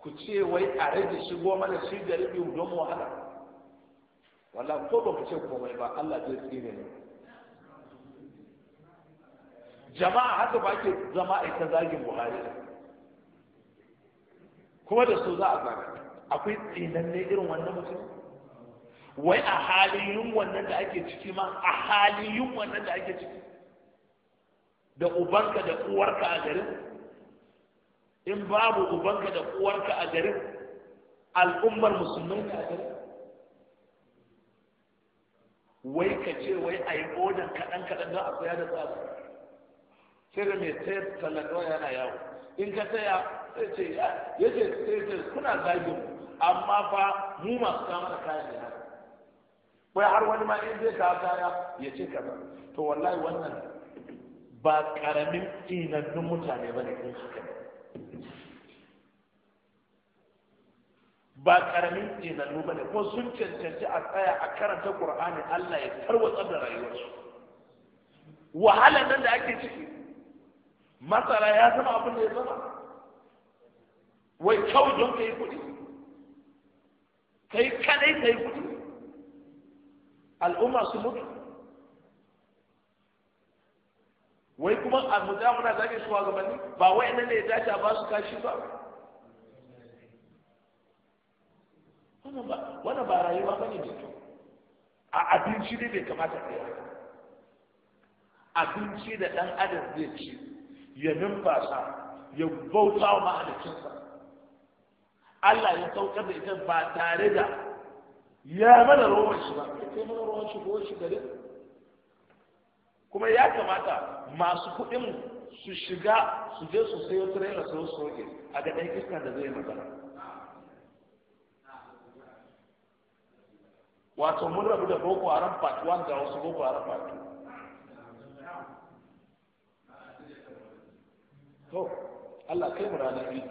S1: ku ce wai a rage shigo mana shi da rubi don wahala Wala ko baka ce komai ba Allah zai tsine ne jama'a haka ba ke zama a ta zagin buhari kuma da su za a zaga akwai ne irin wannan mutum wai a halin wannan da ake ciki ma a halin wannan da ake ciki da ubanka da uwarka a garin in babu ubanka da uwarka a garin al'ummar musulmai a garin wai ka ce wai a yi odin kaɗan kaɗan don a saya da tsada sai da mai sayar talakawa yana yawo in ka saya sai ce ya ce sai kuna zagi amma fa mu masu kama da kayan yana wai har wani ma in zai kawo kaya ya ce kaza to wallahi wannan ba karamin tsinannun mutane ba ne kun suka ba karamin tsinanu ba ne ko sun cancanci a tsaya a karanta ƙur'ani allah ya tarwatsar da rayuwarsu Wahala nan da ake ciki masara ya zama abin da ya zama wai kyau don ka yi kuɗi ka yi kaɗai ka yi kuɗi al'umma su mutu wai kuma a mutane muna zage shugabanni ba wai nan ne ya dace a ba su kashi ba wannan ba rayuwa ba ne mai kyau a abinci ne bai kamata ka yi abinci da ɗan adam zai ci ya numfasa ya bauta wa mahalicinsa Allah ya saukar da ita ba tare da ya mana ruwan shi ba ya kai mana ruwan shi ko shi gari? kuma ya kamata masu kuɗin su shiga su je su sayo tirela su soke a ga ɗan iska da zai magana wato mun rabu da boko haram part 1 ga wasu boko haram part 2 to Allah kai mu ranar yi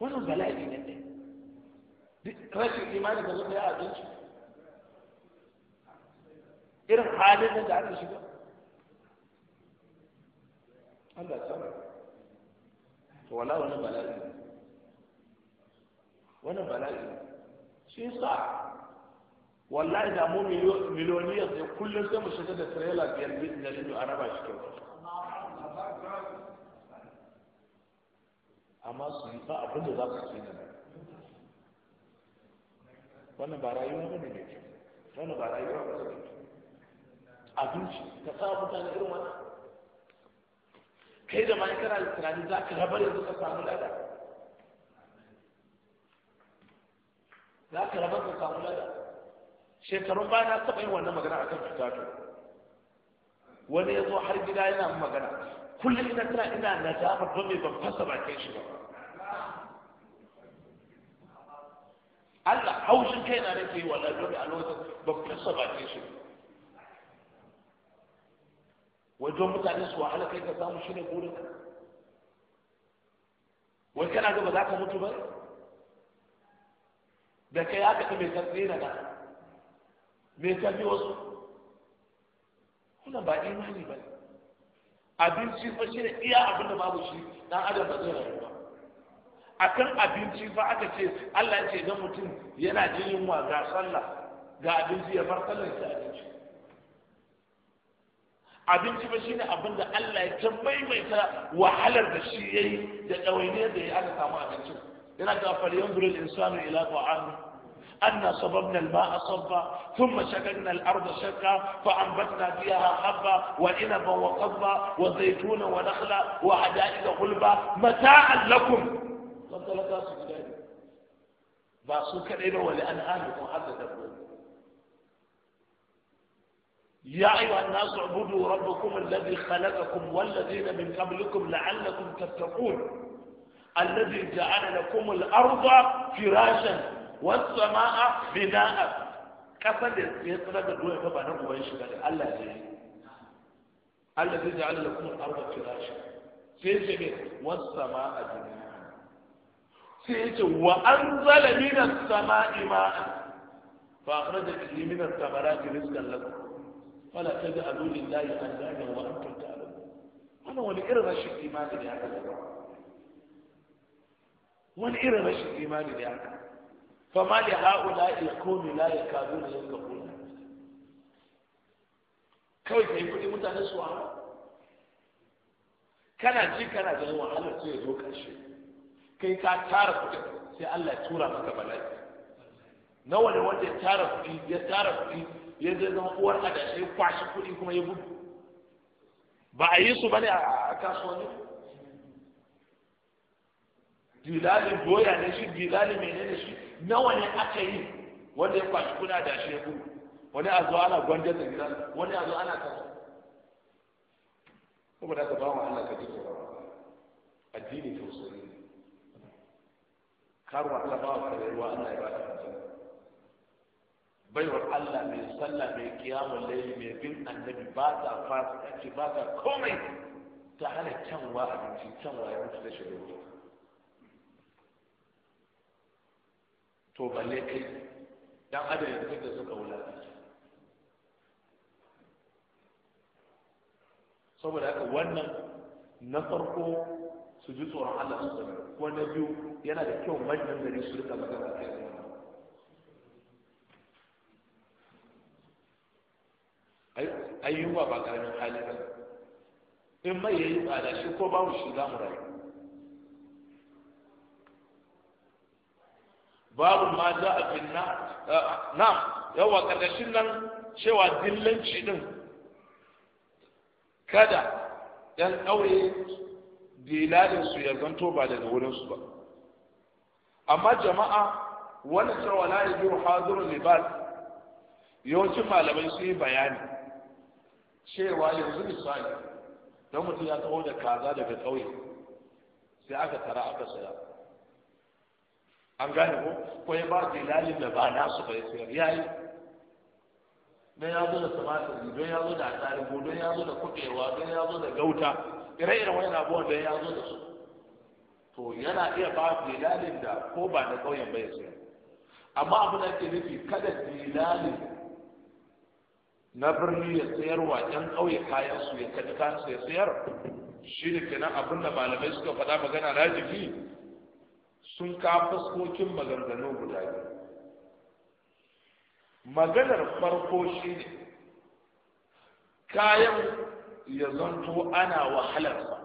S1: Wani bala'i ne ne rashin imani da zuwa ya abinci irin halin da aka shiga Allah ya to wala wani bala'i wani bala'i shi sa wallahi da mu miliyoniyar da kullum sai mu shiga da trailer biyar biyu na lido a raba shi kyau amma su yi sa abin da za su ci nan wannan ba rayuwa ba ne ne wannan ba rayuwa ba ne abinci ka sa mutane irin wannan kai da ma kana da tunani za ka rabar yanzu ka samu lada za ka rabar da samu lada shekarun baya na taɓa yin wannan magana a kan fitato wani ya zo har gida yana magana kullum ina tana ina nadama don me ban fasa bakin shi ba Allah haushin kai na nake yi wallahi don a lokacin ban fasa bakin shi wajen mutane su wahala kai ka samu shi ne burin wai kana ga ba za ka mutu ba da kai aka ta mai karfi na nan mai tafi wasu Kuna ba imani ba ne abinci fa shi ne iya abin da babu shi dan adam ba zai rayu ba akan abinci fa aka ce Allah ya ce ga mutum yana jin yunwa ga sallah ga abinci ya bar sallar shi abinci abinci ba shine abin da Allah ya ta maimaita wahalar da shi yayi da ɗawainiyar da ya aka samu abincin لذلك فلينظر الإنسان إلى طعامه أنا صببنا الماء صبا ثم شققنا الأرض شقا فأنبتنا فيها حبا وعنبا وقضبا وزيتونا ونخلا وحدائق غلبا
S3: متاعا
S1: لكم قلت لك أسجد باسوك إلى ولأنعامكم حتى تبلغ يا أيها الناس اعبدوا ربكم الذي خلقكم والذين من قبلكم لعلكم تتقون الذي جعل لكم الأرض فراشا والسماء بناء kasar da ya tsira da doya ta uban shi bane Allah ne Allah zai ji Allah kuma arba firashi sai ce ne wasa ma a duniya sai ya ce an zala mina sama ima'a fa akhraja bihi wa wani irin rashin imani ne wani irin rashin imani ne haka fama da ha'ula ilkomi la ya kazo da yanka kula kawai ka yi kuɗi mutane su wahala kana ji kana ganin wahala sai ya zo shi. kai ka tara kuɗi sai Allah ya tura maka bala'i nawa ne wanda ya tara kuɗi ya tara kuɗi ya zai zama uwar adashi ya kwashi kuɗi kuma ya gudu ba a yi su bane a kasuwanni dilalin doya ne shi dilalin menene shi nawa ne aka yi wanda ya kwashi kuna da shi ku wani a zo ana gwanjar da gidan wani a zo ana kasa kuma da ka ba mu Allah ka dike addini tausayi karwa Allah ba wa Allah ya ba ta baiwar Allah mai sallah mai kiyamun laili mai bin annabi ba ta fasikanci ba ta komai ta hana canwa abinci canwa ya mutu da shirin to balle kai dan adam ya kai da suka wulaƙanta saboda haka wannan na farko su ji tsoron Allah su zama ko na biyu yana da kyau manyan gari su rika magana kai ayyuwa ba karamin hali ba in mai yayi tsada shi ko babu shi za mu rayu babu ma za a fi na yawa ƙarƙashin nan cewa dillanci din kada ɗan ƙauye dilalinsu ya zanto ba daga wurinsu ba amma jama'a wani cewa la yi biyu hazurun libas yawancin malamai su yi bayani cewa yanzu misali don mutum ya taho da kaza daga ƙauye sai aka tara aka saya an gane ko ko ya ba bilalin da ba na su bai sayar yayi don ya zo da tumatir don ya zo da atarigo don ya zo da kuɗewa don ya zo da gauta ire ire wani abu don ya zo da su to yana iya ba bilalin da ko ba da ƙauyen bai sayar amma abin da ke nufi kada bilalin na birni ya sayarwa ɗan ƙauye kayan su ya kaɗi kayan su ya sayar shi ne kenan abin da malamai suka faɗa magana na jiki sun ka fuskokin maganganu guda biyu maganar farko shi ne kayan ya zanto ana wahalarsa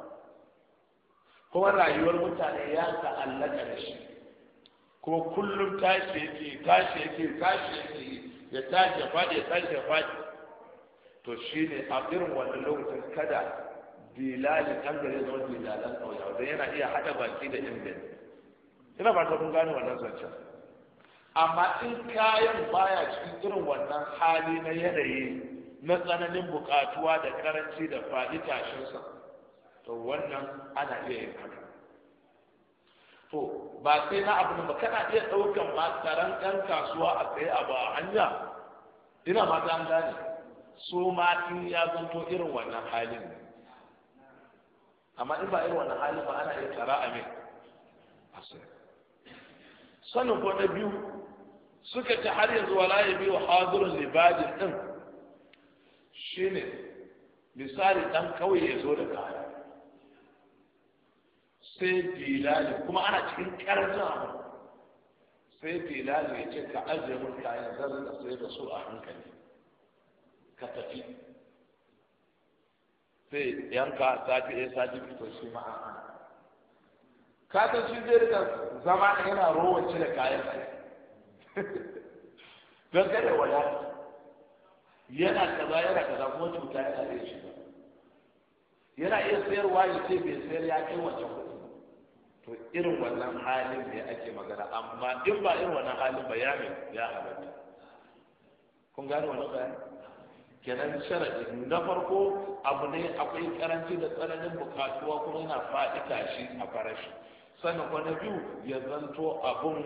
S1: kuma rayuwar mutane ya ta'allaka da shi Ko kullum tashi yake tashi yake tashi yake ya tashi ya faɗi ya tashi ya faɗi to shi ne a irin wannan lokacin kada bilalin an gare zama bilalan ƙauyawa don yana iya haɗa baki da yan gani ina ba ta kun gane wannan zancen amma in kayan baya cikin irin wannan hali na yanayi na tsananin bukatuwa da karanci da faɗi tashinsa to wannan ana iya yin haka to ba sai na abu ba kana iya ɗaukan ba tsaron ɗan kasuwa a tsaye a ba hanya ina ma ta gane su ma in ya zanto irin wannan halin ne amma in ba irin wannan halin ba ana iya tara a mai a sanin ko na biyu suka ci har yanzu wala ya biyu hadirun libadin din shine misali dan kawai ya zo da kaya sai bilali kuma ana cikin karancin abu sai bilali ya ce ka ajiye mun kayan zan da sai da su a hankali ka tafi sai yanka sati ɗaya sati fito shi ma'a ka san shi zai rika zama yana rowance cire kayan sa don kada wala yana kaza yana kaza kuma cuta yana zai shi yana iya sayarwa ya ce bai sayar ya kai wancan kuɗi to irin wannan halin ne ake magana amma in ba irin wannan halin ba ya mai ya halatta kun gane wani bayani kenan sharadi na farko abu ne akwai karanci da tsananin bukatuwa kuma yana faɗi tashi a farashi sannan kuma na biyu ya zanto abun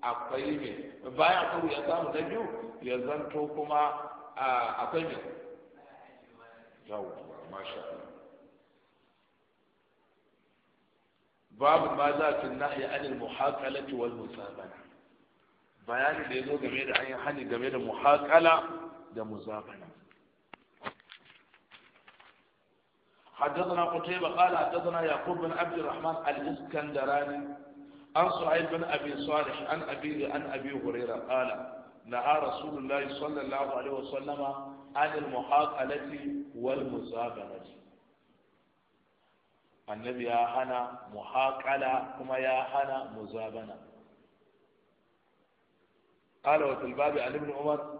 S1: akwai ne bayan akwai ya samu na biyu ya zanto kuma akwai ne yau. masha babu ma za fi nahi anil muhakalati wal musabana bayani da ya zo game da an yi hani game da muhakala da muzabana حدثنا قتيبة قال حدثنا يعقوب بن عبد الرحمن الإسكندراني عن صهيب بن أبي صالح عن أبي عن أبي هريرة قال نهى رسول الله صلى الله عليه وسلم عن المحاقلة والمزابنة النبي يا هنا محاقلة كما يا هنا مزابنة قال وفي الباب عن ابن عمر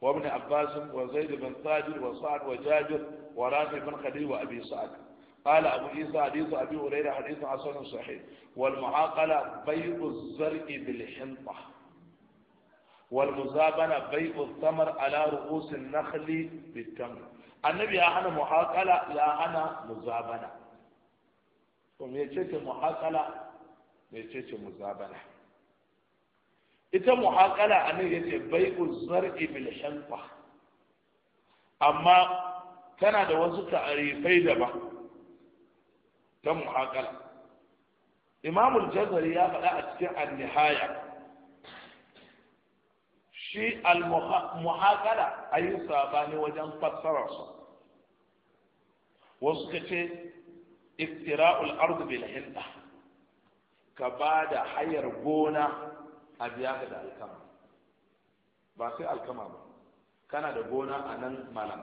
S1: وابن عباس وزيد بن ثابت وسعد وجابر ورافع بن خليل وابي سعد قال ابو عيسى حديث ابي هريره حديث حسن صحيح والمعاقله بيع الزرع بالحنطه والمزابنه بيع الثمر على رؤوس النخل بالتمر النبي يا هنا معاقله يا هنا مزابنه ومن يتشكل معاقله من يتشكل مزابنه ita muhakala a nan yace bai'u zar'i bil shanqa amma tana da wasu ta'arifai daban ta muhakala imamul jazari ya faɗa a cikin an-nihaya shi al-muhakala ayi sabani wajen su. wasu ka ce iftira'ul ardu bil hinda ka ba da hayar gona a biya ka da alkama ba sai alkama ba kana da gona a nan malam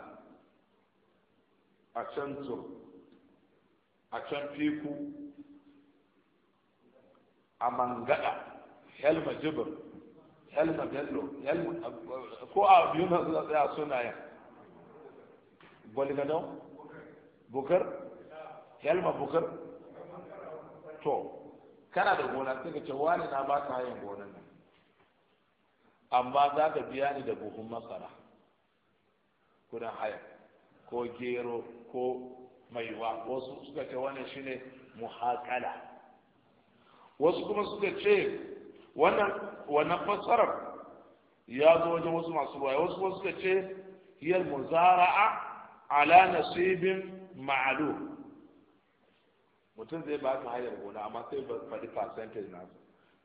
S1: a can tur a can fiku a mangada helma jibir helma bello ko a biyu na tsaya sunayen gwalgadon bukar helma bukar to kana da gona sai ka ce wani na ba ta hayan gonan nan amma za ka biya ni da buhun masara kudin haya ko gero ko maiwa wasu suka ce wannan shine muhakala wasu kuma suka ce wannan fassarar ya zo wajen wasu masu baya wasu kuma suka ce hiyar muzara'a ala nasibin ma'alu mutum zai ba ka hayar gona amma sai ba faɗi percentage na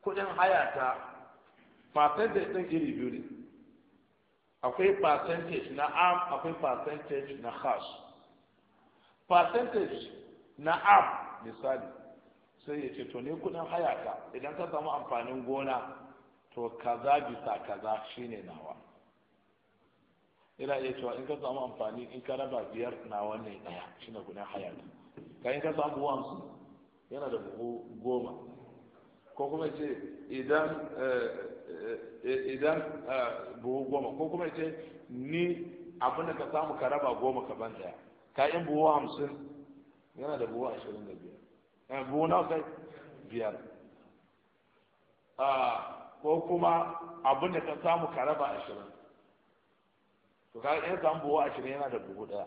S1: kudin haya ta percentage ɗin iri biyu ne akwai percentage na am akwai percentage na khas percentage na am misali sai ya ce to ne kudin hayata idan ka samu amfanin gona to kaza bisa kaza shine nawa ina iya cewa in ka samu amfani in ka raba biyar nawa ne daya shine kudin hayata ka in ka samu buhu hamsin yana da buhu goma ko kuma ce idan eh, eh, eh, idan buhu goma ko kuma ce ni abin da ka samu ka raba goma ka ban daya ka in buhu hamsin yana da buhu ashirin da biyar buhu nawa kai biyar ah, ko kuma abin da ka samu ka raba ashirin to ka in samu buhu ashirin yana da buhu daya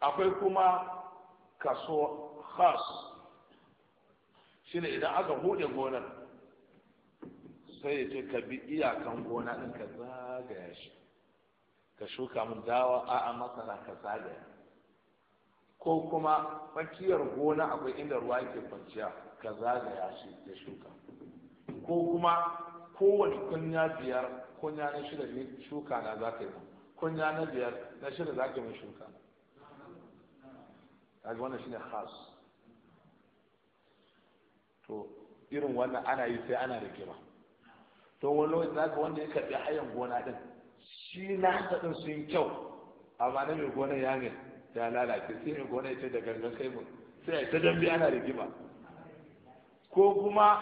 S1: akwai kuma kaso khas shine idan aka hude gonar sai ya ce ka bi iyakan gona ɗin ka zagaya shi ka shuka mun dawa a'a masara ka zagaya ko kuma tsakiyar gona akwai inda ruwa yake kwanciya ka zagaya shi ya shuka ko kuma kowane kunya biyar kunya na shida ne shuka na za ka yi kunya na biyar na shida za ka yi shuka kaga wannan shine khas to irin wannan ana yi sai ana rigima to wani lokaci ga wanda ya karbi hayan gona din shi na din sun kyau amma na mai gona ya mai ya lalace sai mai gona ya ce da gangan kai mu sai ta dambe ana rigima ko kuma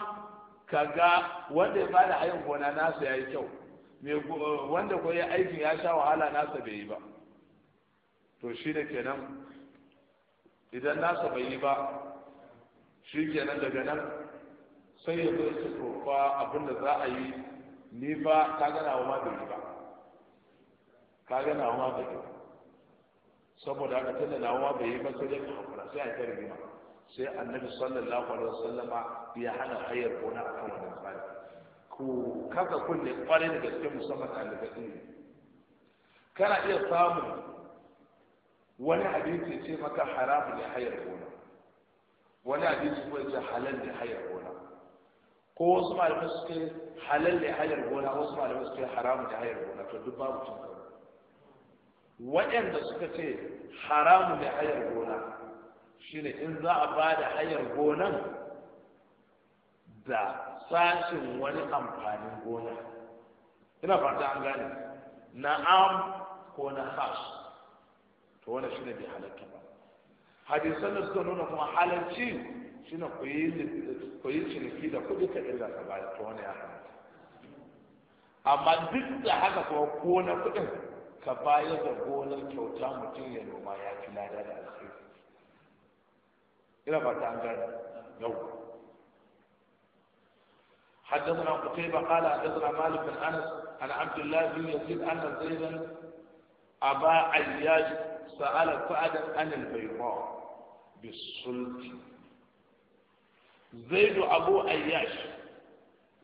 S1: ka ga wanda ya bada hayan gona nasa ya yi kyau wanda ko ya aikin ya sha wahala nasa bai yi ba to shi da kenan idan nasa bai yi ba shi kenan daga nan sai ya zo su tofa abin da za a yi ni ba ka gana wa ma ba ka gana wa ma ba saboda haka tunda na wa bai yi ba sai dai hakura sai a ta rigima sai annabi sallallahu alaihi wasallam ya hana hayar gona kan wannan tsari ku kaka kunne kwarai da gaske musamman daga ilimi kana iya samun wani abinci ce maka haramun ya hayar gona wani hadisi ko yace halal ne hayar gona ko wasu malamai suke halal ne hayar gona wasu malamai suke haramu ne hayar gona to duk babu cin karo waɗanda suka ce haramu ne hayar gona shine in za a ba da hayar gonan da sashin wani amfanin gona ina fata an gane na'am ko na hash to wannan shine bai halatta ba hadisan da suka nuna kuma halarci shi na koyi ciniki da kuɗi ka irga ka bayar ta wani ya amma duk da haka kuma ko na kuɗin ka bayar da gonar kyauta mutum ya noma ya fi lada da alheri ina ba ta an gane yau حدثنا قتيبة قال حدثنا مالك بن أنس عن عبد الله بن يزيد أن زيدا أبا عياش سألت سعدا عن البيضاء بالسلط زيد أبو أياش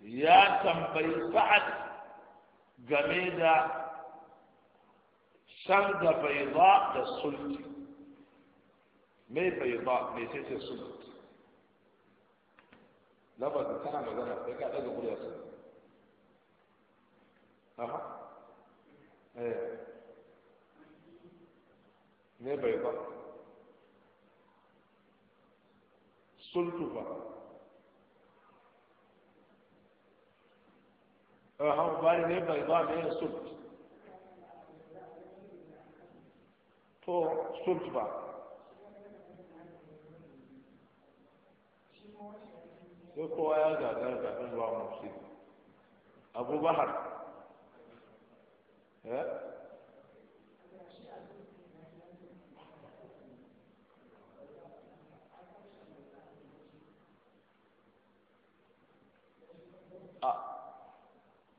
S1: يا تنبي سعد جميدة شنجة بيضاء بالسلط ما بيضاء ميتة السلط لابد كان مجانا فيك أدى قولي أسلط أها إيه ne bai ba sultu ba eh, hau bari ne bai ba ne sult to sult ba sai kowa ya gagar gagar ba mu abubakar eh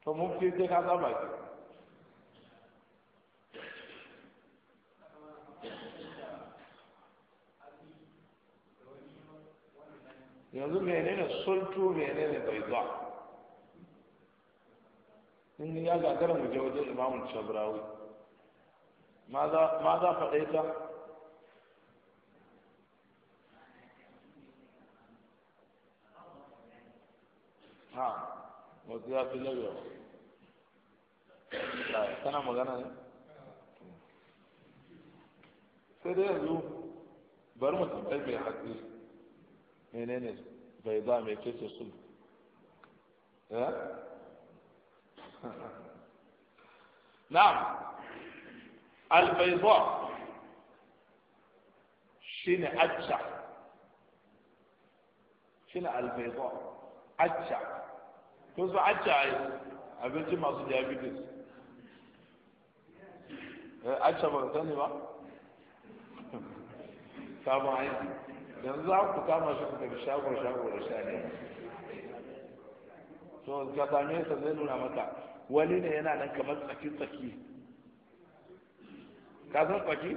S1: to mufti sai ka saba
S3: ki yanzu menene sultu menene bai zuwa
S1: in ya gagara mu je wajen imamun shabrawi ma za faɗe ta
S2: ha Mutu ya fi lauya kana magana ne
S1: sai dai yanzu bari mu tambayi mai haƙi menene bai za mai kece su? ya na'am البيضاء شين أجشع شين البيضاء أجشع ko su acca ai abinci masu diabetes acca ba ka sani ba sabon aiki yanzu za ku kama shi daga shago shago da sha ne to ka same sa zai nuna maka wani ne yana nan kamar tsaki tsaki ka san tsaki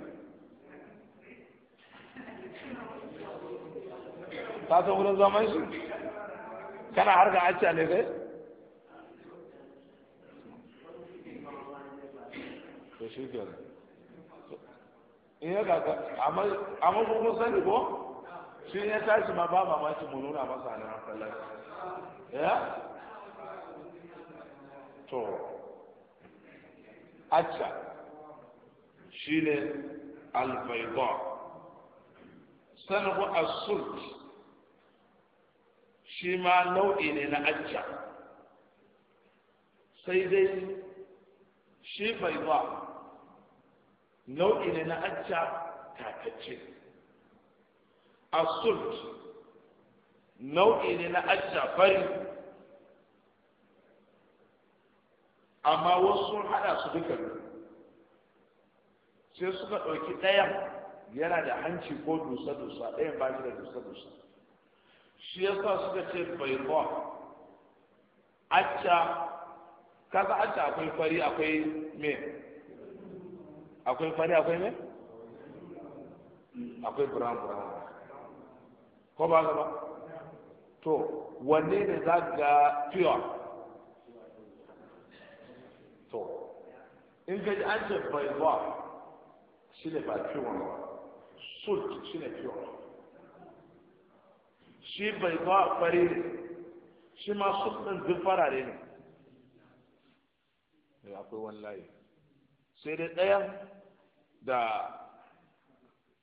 S2: ka san wurin zaman shi kana har ga acca ne
S1: kai to shi kenan in ya ga amma kun sani ko shi ya tashi ma ba mamaki mu nuna masa ne masallaci ya to acca shi ne Sani ko asult shi ma nau'i ne na acca sai dai shi baidon nau'i ne na acca takacce asult nau'i ne na acca fari amma wasu sun hada su duka sai suka ɗauki ɗayan yana da hanci ko dusa-dusa ɗayan ba shi da dusa-dusa shi ya sa suka ce bai ba acca kaga acca akwai fari akwai mai akwai fari akwai ne akwai brown brown ko ba gaba to wanne ne za ga pure to in ka ji an ce bai ba shi ne ba pure ba sult shi ne pure shi bai ba fari ne shi ma sult ɗin duk farare ne eh, akwai wani layi sai dai ɗaya da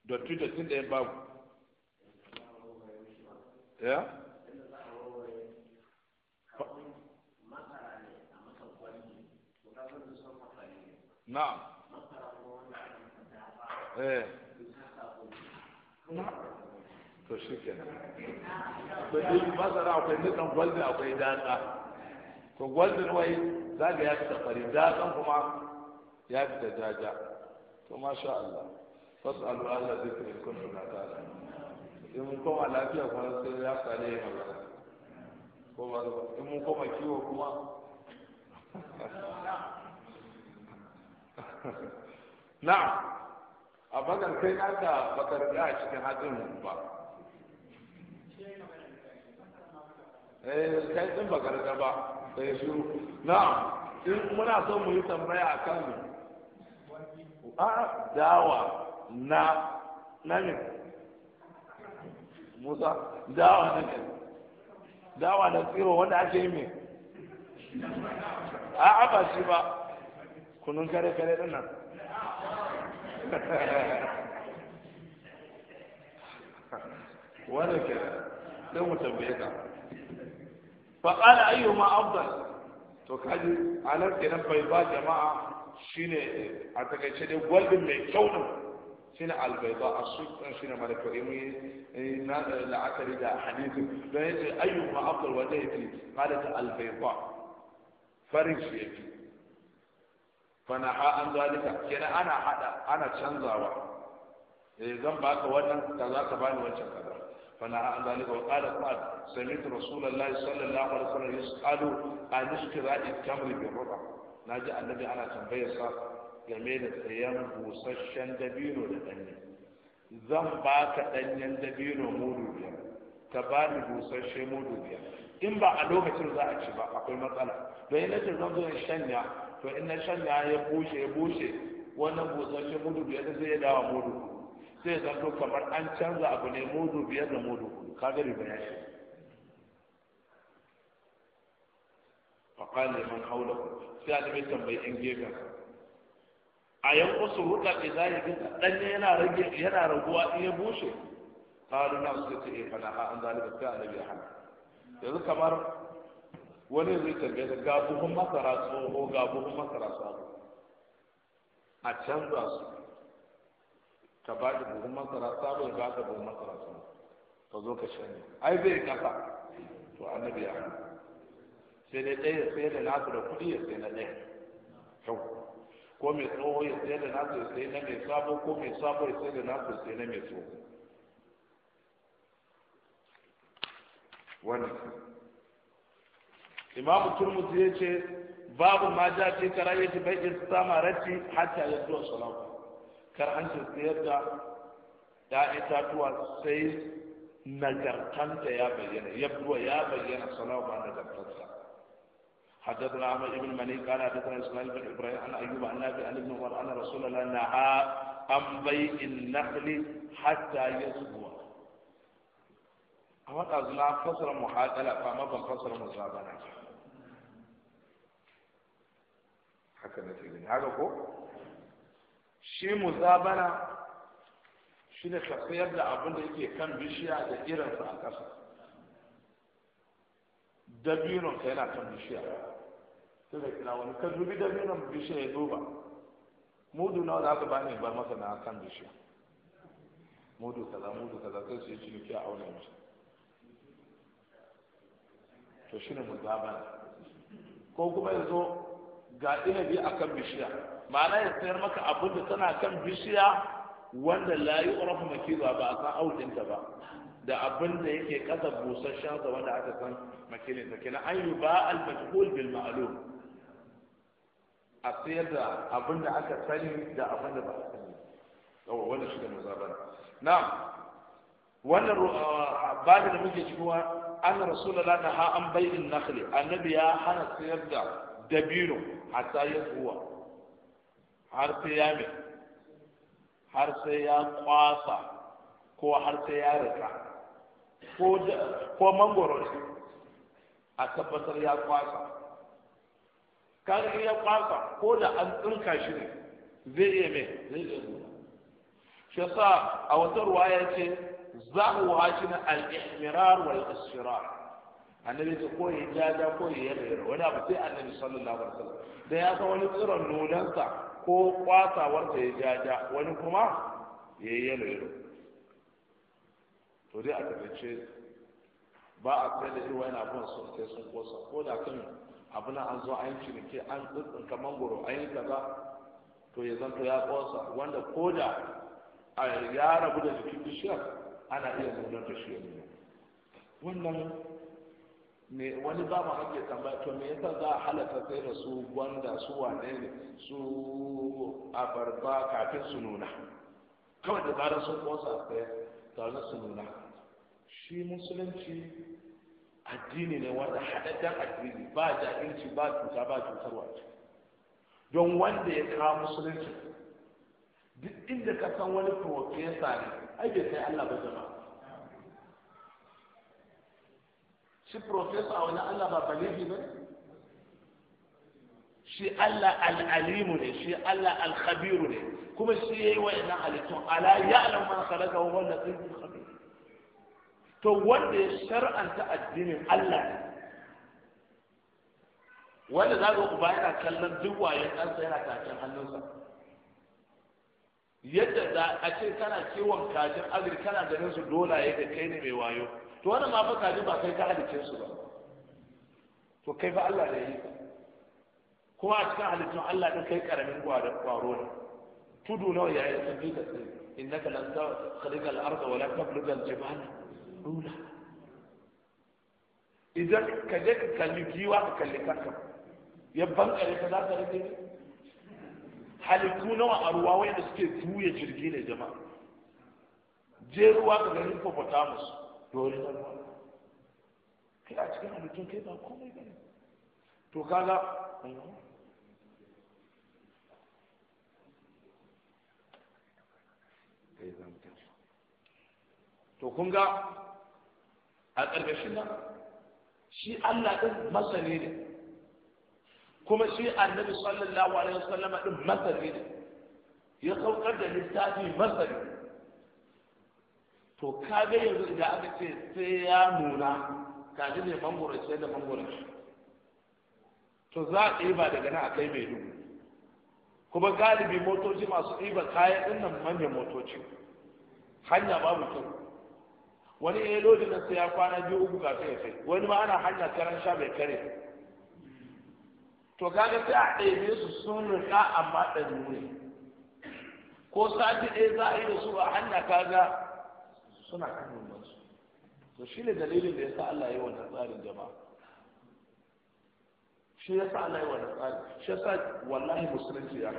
S1: dotti dottin ɗayan babu ya na'am eh to shi kenan kudi masara akwai nukan gwaldin akwai daka, to gwaldin wai zaga ya fi safari, datsan kuma ya fita jaja to Allah fasu alu zai fi kun tuna ta lafiya kuma ya sare ya ko ba in [laughs] a bakar kai naka bakar cikin eh, ba sai shiru na'am in muna son mu yi tambaya akan a dawa na na ne musa dawa na ne dawa na tsiro wanda ake yi mai a ba shi ba kunun kare kare din nan [laughs] wanda ke sai mu tambaye ka fa qala ayyuma afdal to kaji alaka kenan bai ba jama'a shine a takaice dai gwaldin mai kyau din shine albaido a sukan shine mara kyau in eh, mun eh, na eh, la'akari da hadisin don yace ayyu ma afdal wa dayfi qalat albaido farin shi yake fanaha an zalika kenan ana hada ana canzawa eh zan baka wannan za ka bani wancan kaza فنهى عن ذلك وقال قال سمعت رسول الله صلى الله عليه وسلم يسأل عن اشتراء التمر بالربع na ji annabi ana tambayar sa game da sayan busasshen dabino da danne zan ba ka danyen dabino mudu biyar ka ba ni busasshe mudu biyar in ba a lokacin za a ci ba akwai matsala don ina ce zan zo in shanya to in na shanya ya bushe ya bushe wannan busasshe mudu biyar da zai dawa mudu sai zan to kamar an canza abu ne mudu biyar da mudu Ka ga riba ya shi فقال لمن حوله sai annabi tambayi in gefe a yankusu ruka bi zahiri dan yana rage yana raguwa in ya bushe qalu na su ce eh fana ha an zalika sai annabi ya hana yanzu kamar wani zai tambaye da ga buhun masara tsoho ga buhun masara tsoho a canza su ka ba da buhun masara sabo ya ba ka buhun masara tsoho ka zo ka shanye ai zai kasa to annabi ya hana sai dai ɗaya ya sayar da nasu da kuɗi ya sai na ɗaya kyau ko mai tsoho ya sai da nasu ya sai na mai sabo ko mai sabo ya sai da nasu ya sai na mai tsoho Wani. imamu turmuzi ya ce babu ma ja ce ce bai sama istamarati hatta zuwa salamu kar an ce sayar da ya itatuwa sai nagartanta ya bayyana yabduwa ya bayyana salama nagartanta حدثنا عمر بن مني قال حدثنا اسماعيل بن ابراهيم عن ايوب عن نافع عن ابن عمر ان رسول الله نهى عن بيع النخل حتى يسبو هو اظن فصل محاكلة فما فصل مصابنا حتى نتيجه هذا هو شيء مصابنا shi ne tafiyar da abin da yake kan bishiya da irinsa a ƙasa dabinon ka yana sai da kira wani kan dubi da binan bishiya ya zo ba mudu nawa za ka bani ba masa na kan bishiya mudu kaza mudu kaza sai su yi ciniki a auna musu to shi ne muzabana ko kuma ya zo ga inabi a kan bishiya ma'ana ya sayar maka abin da tana kan bishiya wanda layi ƙorafa makiza ba a san aukinta ba da abin da yake kasa busasshen da wanda aka san makilin ta kenan an yi ba al-majhul bil ma'lum a sayar da abin da aka sani da abin da ba a sani yawa wannan shi da mazabar na wannan bada da muke cikin an rasulullah lana ha an bayin nakhli annabi ya hana sayar da dabino hatta ya zuwa har sai ya mai har sai ya kwasa ko har sai ya rika ko mangoro a tabbatar ya kwasa kaga in ya kwasa ko da an tsinka shi ne zai iya mai zai iya nuna shi sa a wata ya ce za zahu na al-ihmirar wal isfirar annabi ta ko ya jaja ko ya rayuwa. wani abu sai annabi sallallahu alaihi wasallam da ya san wani tsiron nunansa ko kwasawar ta ya jaja wani kuma ya yi yare to dai a tabbace ba a kai da irin wani abun sosai sun kosa ko da kan abu na an zo an ciniki an tsuntsunka mangoro an yi kaza to ya zanto ya ƙosa, wanda ko da ya rabu da jikin bishiyar ana iya zaunar da shi yanzu wannan ne wani ba mu ake tambaya to me yasa za a halatta sai da su gwanda su wane ne su abarba kafin su nuna kawai da zarar sun ƙosa sai tare su nuna shi musulunci addini ne wanda haɗaɗɗen addini ba jahilci ba cuta ba cutarwa don wanda ya kawo musulunci duk inda ka san wani profesa ne ai bai sai Allah ba zama shi profesa a wani Allah ba balihi ba shi Allah al'alimu ne shi Allah al-khabiru ne kuma shi ya yi wa'ina halittun ala ya'lamu man khalaqa wa huwa al to wanda ya shar'anta addinin Allah wanda za ga uba yana kallon duk wayan ɗansa yana taken hannunsa yadda za a ce kana kiwon kajin agri kana ganin su dolaye da kai ne mai wayo to wannan ma fa kajin ba kai ka halicce su ba to kai fa Allah ne yi kuma a cikin halittun Allah ɗin kai ƙaramin kwaro ne tudu nawa yayin sun bi ka tsaye innaka lan ta khaliqa al wa la tabluga al-jibala mas'ula idan ka je ka kalli giwa ka kalli kanka ya bankare ka za ka rike ne halittu nawa a ruwa wanda suke juya jirgi ne jama'a
S3: je ruwa ka garin hippopotamus dole na
S1: ruwa kai a cikin halittun kai ba komai ba ne to kaga to kun ga a ƙarƙashin nan shi Allah ɗin masani ne kuma shi annabi sallallahu alaihi wasallama ɗin masani ne ya saukar da littafi masani to ka ga yanzu idan aka ce sai ya nuna ka ji ne mangoro sai da mangoro to za a ɗiba daga nan a kai mai dubu kuma galibi motoci masu ɗiba kayan ɗin nan manyan motoci hanya babu kyau wani ya lodi na sai ya kwana biyu uku kafin ya kai wani ma ana hanya karan sha bai kare to kaga sai a ɗebe su sun rika amma ɗan ne ko sati ɗaya za a yi da su a hanya kaga suna kan su to shi ne dalilin da ya sa Allah ya yi wannan tsarin jama'a shi ya sa Allah ya yi wannan tsarin shi ya sa wallahi musulunci ya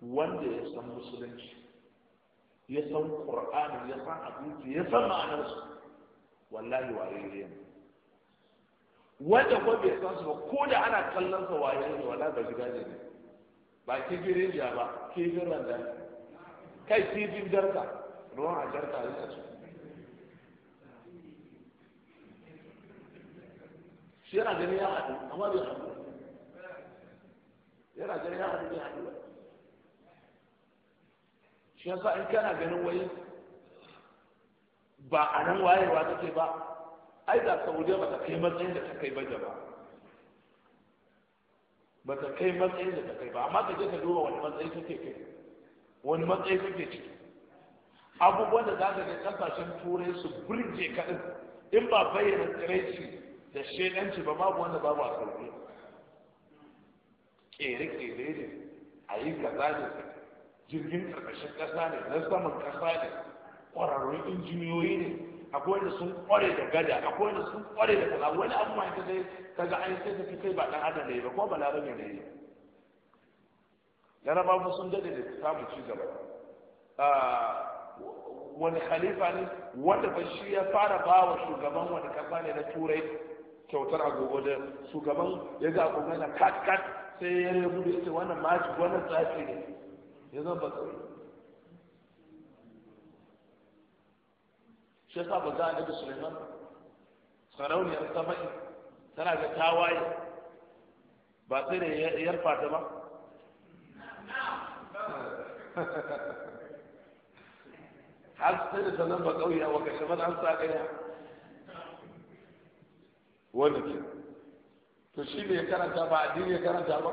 S1: wanda ya san musulunci ya san ƙur'ani ya san abinci ya san ma'anar su wallahi waye ne wanda ko bai san su ba ko da ana kallon sa waye ne wallahi ba gida ne ba gire ya ba kifin da. kai bin jarka ruwan a jarka ya su shi yana gani ya haɗu amma bai haɗu
S2: yana gani ya haɗu bai
S1: haɗu shi yasa in kana ganin wai ba a nan wayewa take ba ai da saudiya ba ta kai matsayin da ta kai ba jama ba ta kai matsayin da ta kai ba amma ka je ka duba wani matsayi take kai wani matsayi take ciki abubuwan da za ka ga kasashen turai su burge kaɗin in ba bayyana tsiraici da shaidanci ba babu wanda babu a sauƙi ƙere-ƙere ne a yi kaza ne jirgin karkashin ƙasa ne na saman ƙasa ne ƙwararrun injiniyoyi ne akwai wanda sun ƙware da gada akwai wanda sun ƙware da kaza wani abu ma ka dai kaga an sai tafi kai ba ɗan adam ne ba ko ba balarabe ne ne larabawa sun dade da samun ci gaba ah, wani khalifa ne wanda ba shi ya fara ba wa shugaban wani kasa ne na turai kyautar agogo da shugaban ya ga agogo na kat kat sai ya rubuta wannan maji wannan tsafi ne ya zama batsari shi yasa ba za a nabi suleiman sarauniyar sama'i tana da tawaye ba sai da yarfa ta ba har sai da sanar ba kauya wa kashe ba an sa ɗaya wani ke to shi ne ya karanta ba addini ya karanta ba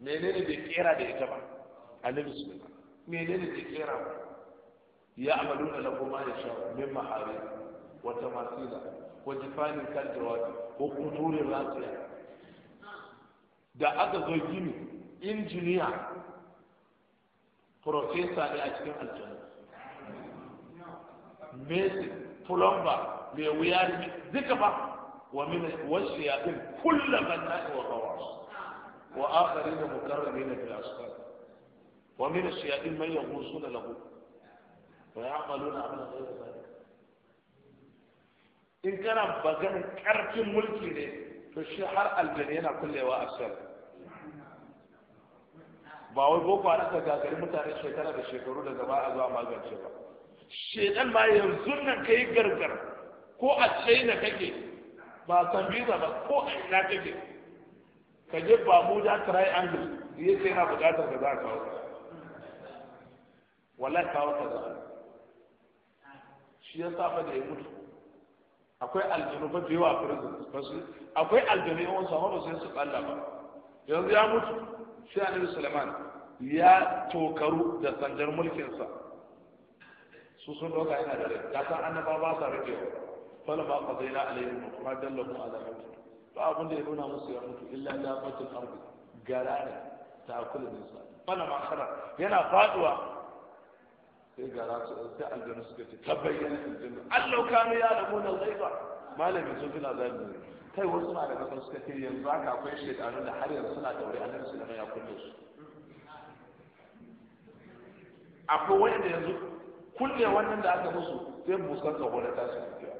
S1: menene bai kera da ita ba annabi sulaiman ne ke kera ya Amadu da lahu ma yasha min mahari wa tamasila wa jifanin kal ko wa quturin rasiya da aka zo gini injiniya profesa ne a cikin aljanna mesin fulomba mai wuya duka ba wa min wasu yaɗin kullum ban na'i wa kawas wa akari da mukarrami na filasfar wa min ash-shayatin man yaghusuna lahu wa ya'maluna amala ghayra dhalik in kana bagan karfin mulki ne to shi har aljanna yana kullewa a shar ba wai boko a naka gagari mutane shekara da shekaru da gaba a zuwa magance ba shedan ma yanzu nan kai gargar ko a china kake ba san visa ba ko a ina kake ka je ba da triangle da yake yana bukatar da za a kawo wallahi kawo kaza shi ya saba da ya mutu akwai aljanu ba da yawa a prison su akwai aljanu yawan sa ba sai su kalla ba yanzu ya mutu sai annabi suleiman ya tokaru da sanjar mulkinsa su sun doka yana da rai ka san annaba ba sa rikewa fala ba qadaina alaihim ma dallahu ala mautu ba abin da ya nuna musu ya mutu illa da fatul ardi gara ne ta da nisa fala ma yana faduwa sai ga rasu sai aljanu suka ce ta bayyana
S2: aljanu allau kanu ya da munan
S1: zaiba malamin sun fina zai ne kai wasu na da kasar suka ce yanzu haka akwai shekaru da har yanzu suna daure a annabi sulaiman ya kulle su akwai wanda yanzu kulle wannan da aka musu sai buskan ka wani tashi tafiya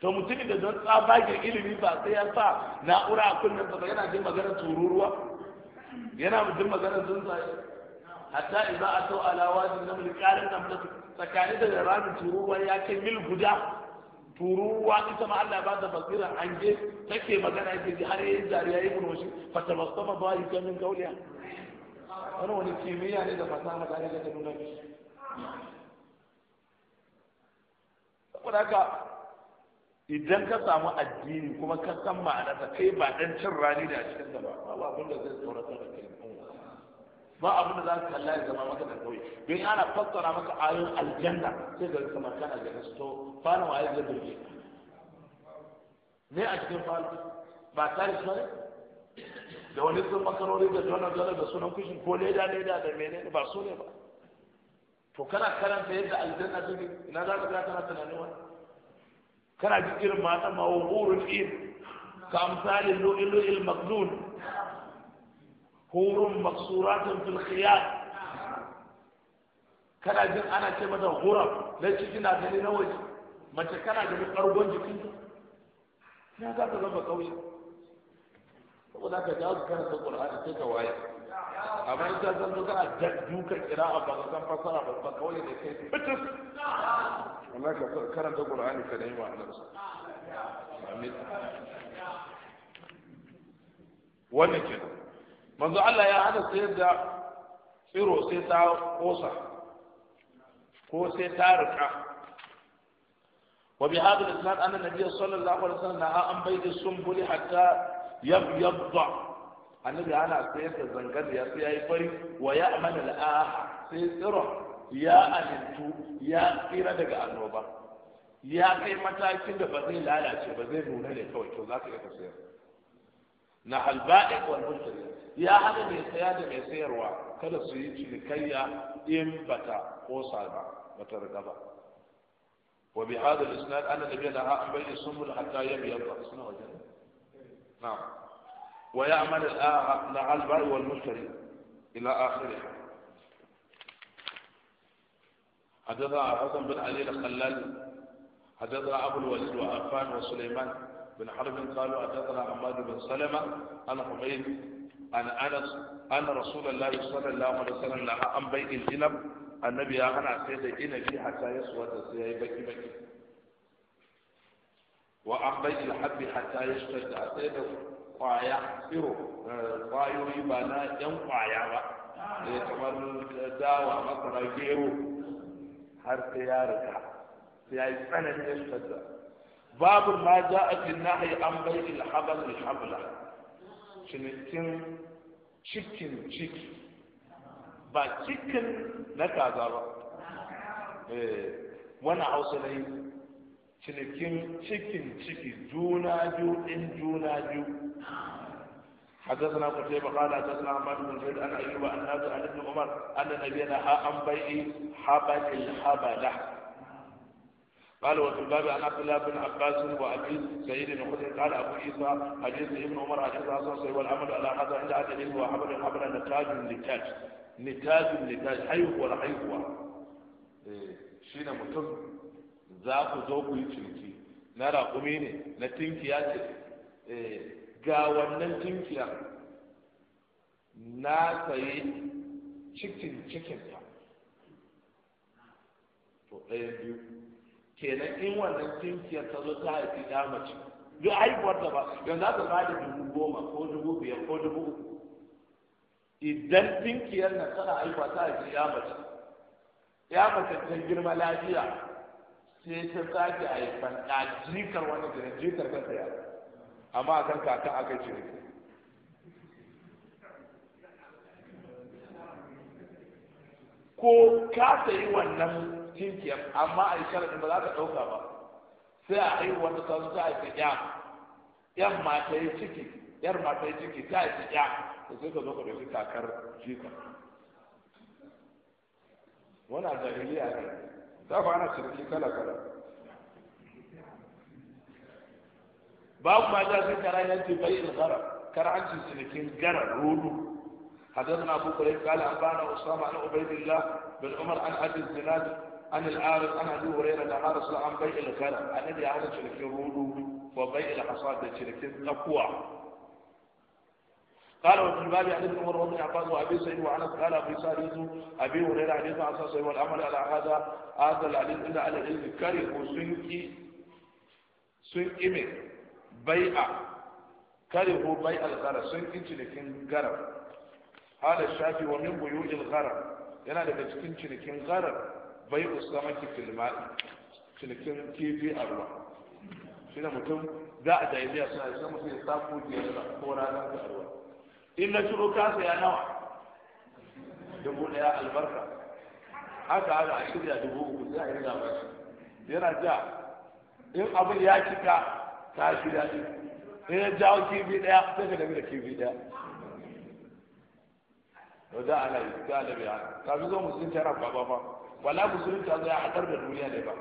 S1: to mutumin da don tsabagen ilimi ba sai ya sa na'ura a kunnen ba yana jin maganar tururuwa yana jin maganar tsuntsaye hatta idza atau ala wadi naml nan da tsakani da ramin turuwa ya kai mil guda turuwa ita ma Allah ba da basira hange take magana yake ji har yayin zariya yayin murmushi fa ba dhahika gamin gauliya wani wani kimiyya ne da fasaha da ake nuna shi saboda haka idan ka samu addini kuma ka san ma'anarsa kai ba dan cin rani da cikin ba ba abin da zai tsoratar da kai ba abin da za ka kalla ya zama maka da kawai don ana fassara maka ayoyin aljanna sai ga kamar kana da su to fara wa ya burge ne a cikin fana ba tarihi da ne da wani sun makarori da donar donar da sunan kushin ko leda leda da menene ba su ne ba to kana karanta yadda aljanna ke? ina za ka ga kana tunanin wani kana jin irin mata ma wurin ir ka amsalin lo'ilo'il lu'il hurun maksuratun fil khiyar kana jin ana ce mata hura dan ciki na gani na waje mace kana ganin argon jikin ya za ta zama kauye saboda ka jawo ka karanta qur'ani sai ka waye amma in ka san zo kana duka qira'a ba ka san fasara ba ba kauye da kai fitus wallahi karanta ka wannan manzo Allah ya hada sayar da tsiro sai ta kosa ko sai ta rika wa bi da al-isnad anna sallallahu alaihi wasallam naha an da sumbuli hatta yabyadda annabi ana sayar da zangar ya sai yayi fari wa amana al-ah sai tsiro ya alintu ya tsira daga annoba ya kai matakin da ba zai lalace ba zai nuna ne kawai to za ka iya sayar نحى البائع والمشتري يا هذا من سياد من سيروا كذا سيد لكي إم بتا وصالبا بترقبا وبهذا الإسناد أنا لم ينهى أن بي سمر حتى يبيض نعم ويعمل الآن نحى البائع والمشتري إلى آخره حدثنا حسن بن علي الخلال حدثنا أبو الوليد وعفان وسليمان بن حرب قالوا أتتنا عماد بن سلمة أنا حميد أنا أنس أنا رسول الله صلى الله عليه وسلم لها أم بيت الجنب النبي أنا هنا سيد الجنب حتى يسوى تسيئي بكي بكي وعن بيت الحب حتى يشتد أسيده ويحفره قايري بنا ينقع يا بقى kamar dawa masara gero har sai سنة يشتد باب ما جاء في النهي عن بيع الحبل الحبلة شنتين chicken chick ba chicken na kaza ba wani hausa ne cinikin chicken ciki juna biyu din juna biyu hada sana ku ce ba kada ta sana ba ku ce an ayyuba an nazu an ibn umar an nabiyana ha an bai'i habalil habala قال وفي الباب عن عبد الله بن عباس وابي سعيد بن الخدري قال ابو عيسى حديث ابن عمر حديث عاصم والعمل على هذا عند عدل وحمل حمل نتاج نتاج نتاج نتاج حيوة حيوة شينا متم ذاك ذوق يشركي نرى قميني نتنكيات ga wannan tinkiyar na sayi cikin cikinta to ɗaya biyu kenan in wannan tinkiyar ta zo ta haifi ya mace duk haihuwar da ba yanzu ta ba da dubu goma ko dubu biyar ko dubu uku idan tinkiyar na tana haihuwa ta haifi ya mace ya mace ta girma lafiya sai ta sake haifan a jikar wani gari jikar ta ya amma a kan kaka aka ce ko ka sayi wannan tinkiyar amma a yi sharaɗin ba za ka ɗauka ba sai a haihu wanda ta ta aiki ya yan mata yi ciki yar mata yi ciki ta aiki ya to sai ka zo ka ɗauki kakar jika wani a jahiliya ne ta ku ana ciniki kala kala babu ma za sai kara yan yanci bai in gara kara an ci cinikin gara rodo حدثنا أبو قريب قال أنبانا أسامة عن عبيد الله بن عمر عن أبي الزناد an al-arif an abi hurairah da har rasul an bai al-kala annabi ya hana cinikin rudu wa bai al-hasad da cinikin tsakuwa قال وفي الباب عن ابن عمر رضي عباس وابي سعيد وانس قال ابي سعيد ابي هريره حديث عن صلى والعمل على هذا هذا الحديث الا على العلم كرهوا سنكي سنكي من بيع كرهوا بيع الغرب سنكي تلكين غرب هذا الشافعي ومن بيوع الغرب yana daga cikin cinikin gharar bai usamaki filmai cinikin tv a ruwa shi na mutum za a jahiliya suna da mutum ya samu jiyarsa ko ranar da ruwa in na shiro kasa ya nawa dubu daya albarka haka haka a shirya dubu uku za a yi gaba shi yana ja in abin ya cika ta shirya daɗi, in ya jawo tv daya sai ka dami da tv daya da ana yi ta alabiya ta fi zo musulun tara kwaba ba wala musulunci a ya haɗar da duniya ne ba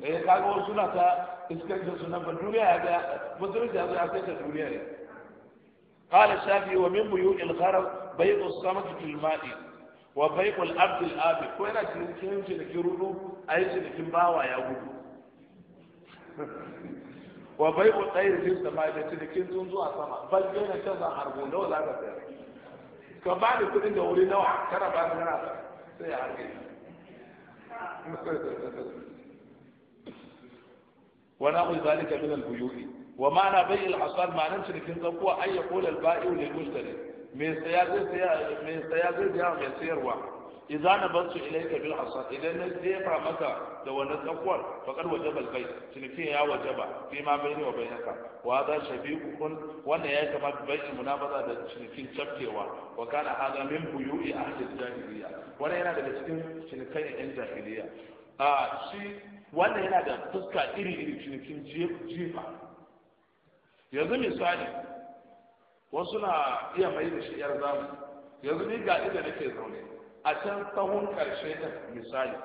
S1: da ya kaga wasu suna ta iskar da sunan ba duniya ya ga musulunci a ya sai da duniya ne قال الشافعي ومن بيوع الغرب بيع السمك في الماء وبيع العبد الآبد كوينة تنكين تنكيرو أي تنكين باوا يا gudu. [laughs] wa bai ku tsayin jin sama da cinikin tsuntsu a sama bal yana can zan harbo nawa za ka sayar ka kuɗin da wuri nawa kana ba ni sai ya harbe ونحو ذلك من البيوع ومعنى بيع الحصان معنى شركين قوة أن يقول البائع للمشتري من سيازي سيا من سيازي سيا من سيروا idza nabantu ilayka bil asa idan na jefa maka da wannan tsakuwar faqad wajaba al bayt cinikin ya wajaba fi ma bayni wa bainaka wa hadha shabiqu kun wannan ya kama bayni munabaza da cinikin cafkewa wa kana hadha min buyu'i ahli jahiliya wannan yana daga cikin cinikan yan jahiliya a shi wannan yana da fuska iri iri cinikin jefa yanzu misali wasu na iya mai da shi yar zamu yanzu ni ga inda nake zaune a can tsawon ƙarshe da misali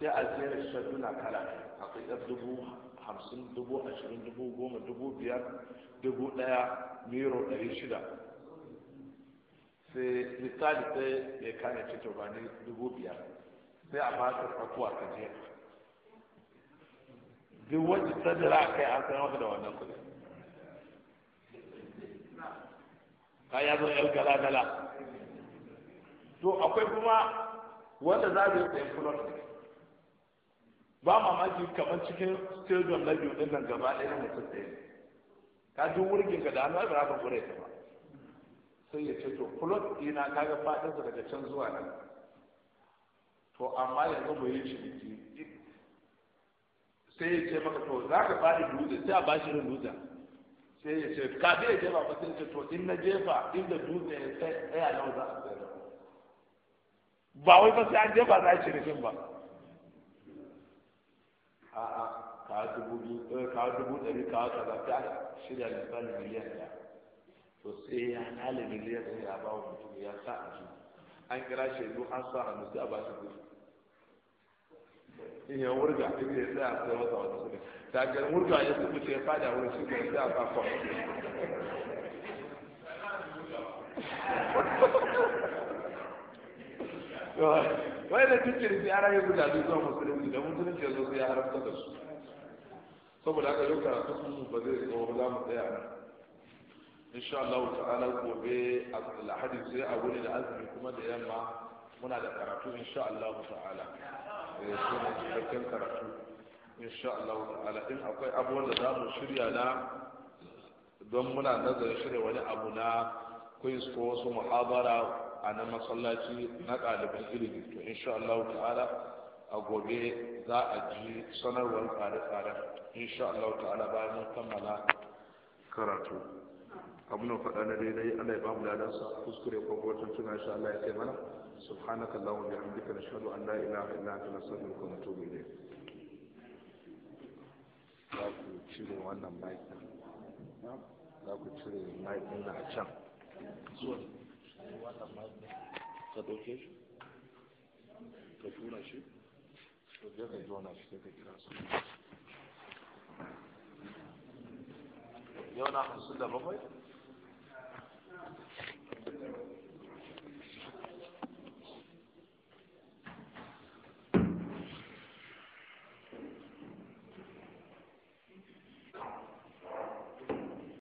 S1: sai a jera shaduna kala a ɗan dubu hamsin dubu ashirin dubu goma dubu biyar dubu ɗaya miro ɗari shida sai misali sai mai kane ce to ba ni dubu biyar sai a baka tsakuwa ka je duk wani ta jira kai an san da wannan kuɗi ka ya zo yau gala gala to akwai kuma wanda za su tsaye fulot ba mamaki kamar cikin stadium na biyu ɗin nan gaba ɗaya na mutum ɗaya ka ji wurgin ka da hannu ba ka kure ta ba sai ya ce to ka ga kaga su daga can zuwa nan to amma yanzu mu yi ciniki sai ya ce maka to za ka faɗi dutse sai a bashi da dutse sai ya ce kafin ya jefa ba sai ya ce to in na jefa inda dutse ya tsaya yau za a tsaya ba wai ba sai an je ba za a ci rufin ba a'a ka dubu eh, ka dubu ɗari ka kaza ta shirya misali miliyan da. to sai ya hana miliyan ɗaya ya ba wa mutum ya sa a ji an kira shaidu an sa hannu sai a ba shi kuɗi
S2: in ya wurga da ya tsaya sai
S1: wata wata su ta ga wurga ya su kuce ya fada wurin shi sai a sa kwa
S2: wai
S1: da cikin sai ara yi guda zuwa musulunci da musulunci yanzu sai ya haramta da su saboda haka yau karatu sun ba zai tsawo za mu tsaya nan insha Allah ta'ala gobe a alhadi sai a wuri da azumi kuma da yamma muna da karatu insha Allah ta'ala eh sunan cikakken karatu insha Allah ta'ala in akwai abubuwan da za mu shirya na don muna nazarin shirya wani abu na quiz ko wasu muhabara a masallaci na ɗaliban ilimi to sha Allah ta'ala a gobe za a ji sanarwar tsare-tsaren sha Allah ta'ala bayan mun kammala karatu abu na faɗa na daidai Allah ya bamu ladan sa kuskure ko wata tuna sha Allah ya kai mana subhanaka allahumma wa bihamdika nashhadu an la ilaha illa anta nastaghfiruka wa natubu ilayk za ku cire wannan mic za ku cire mic ɗin a can ka ɗauke shi ka tura shi ka je jona shi ka kira su yau na da bakwai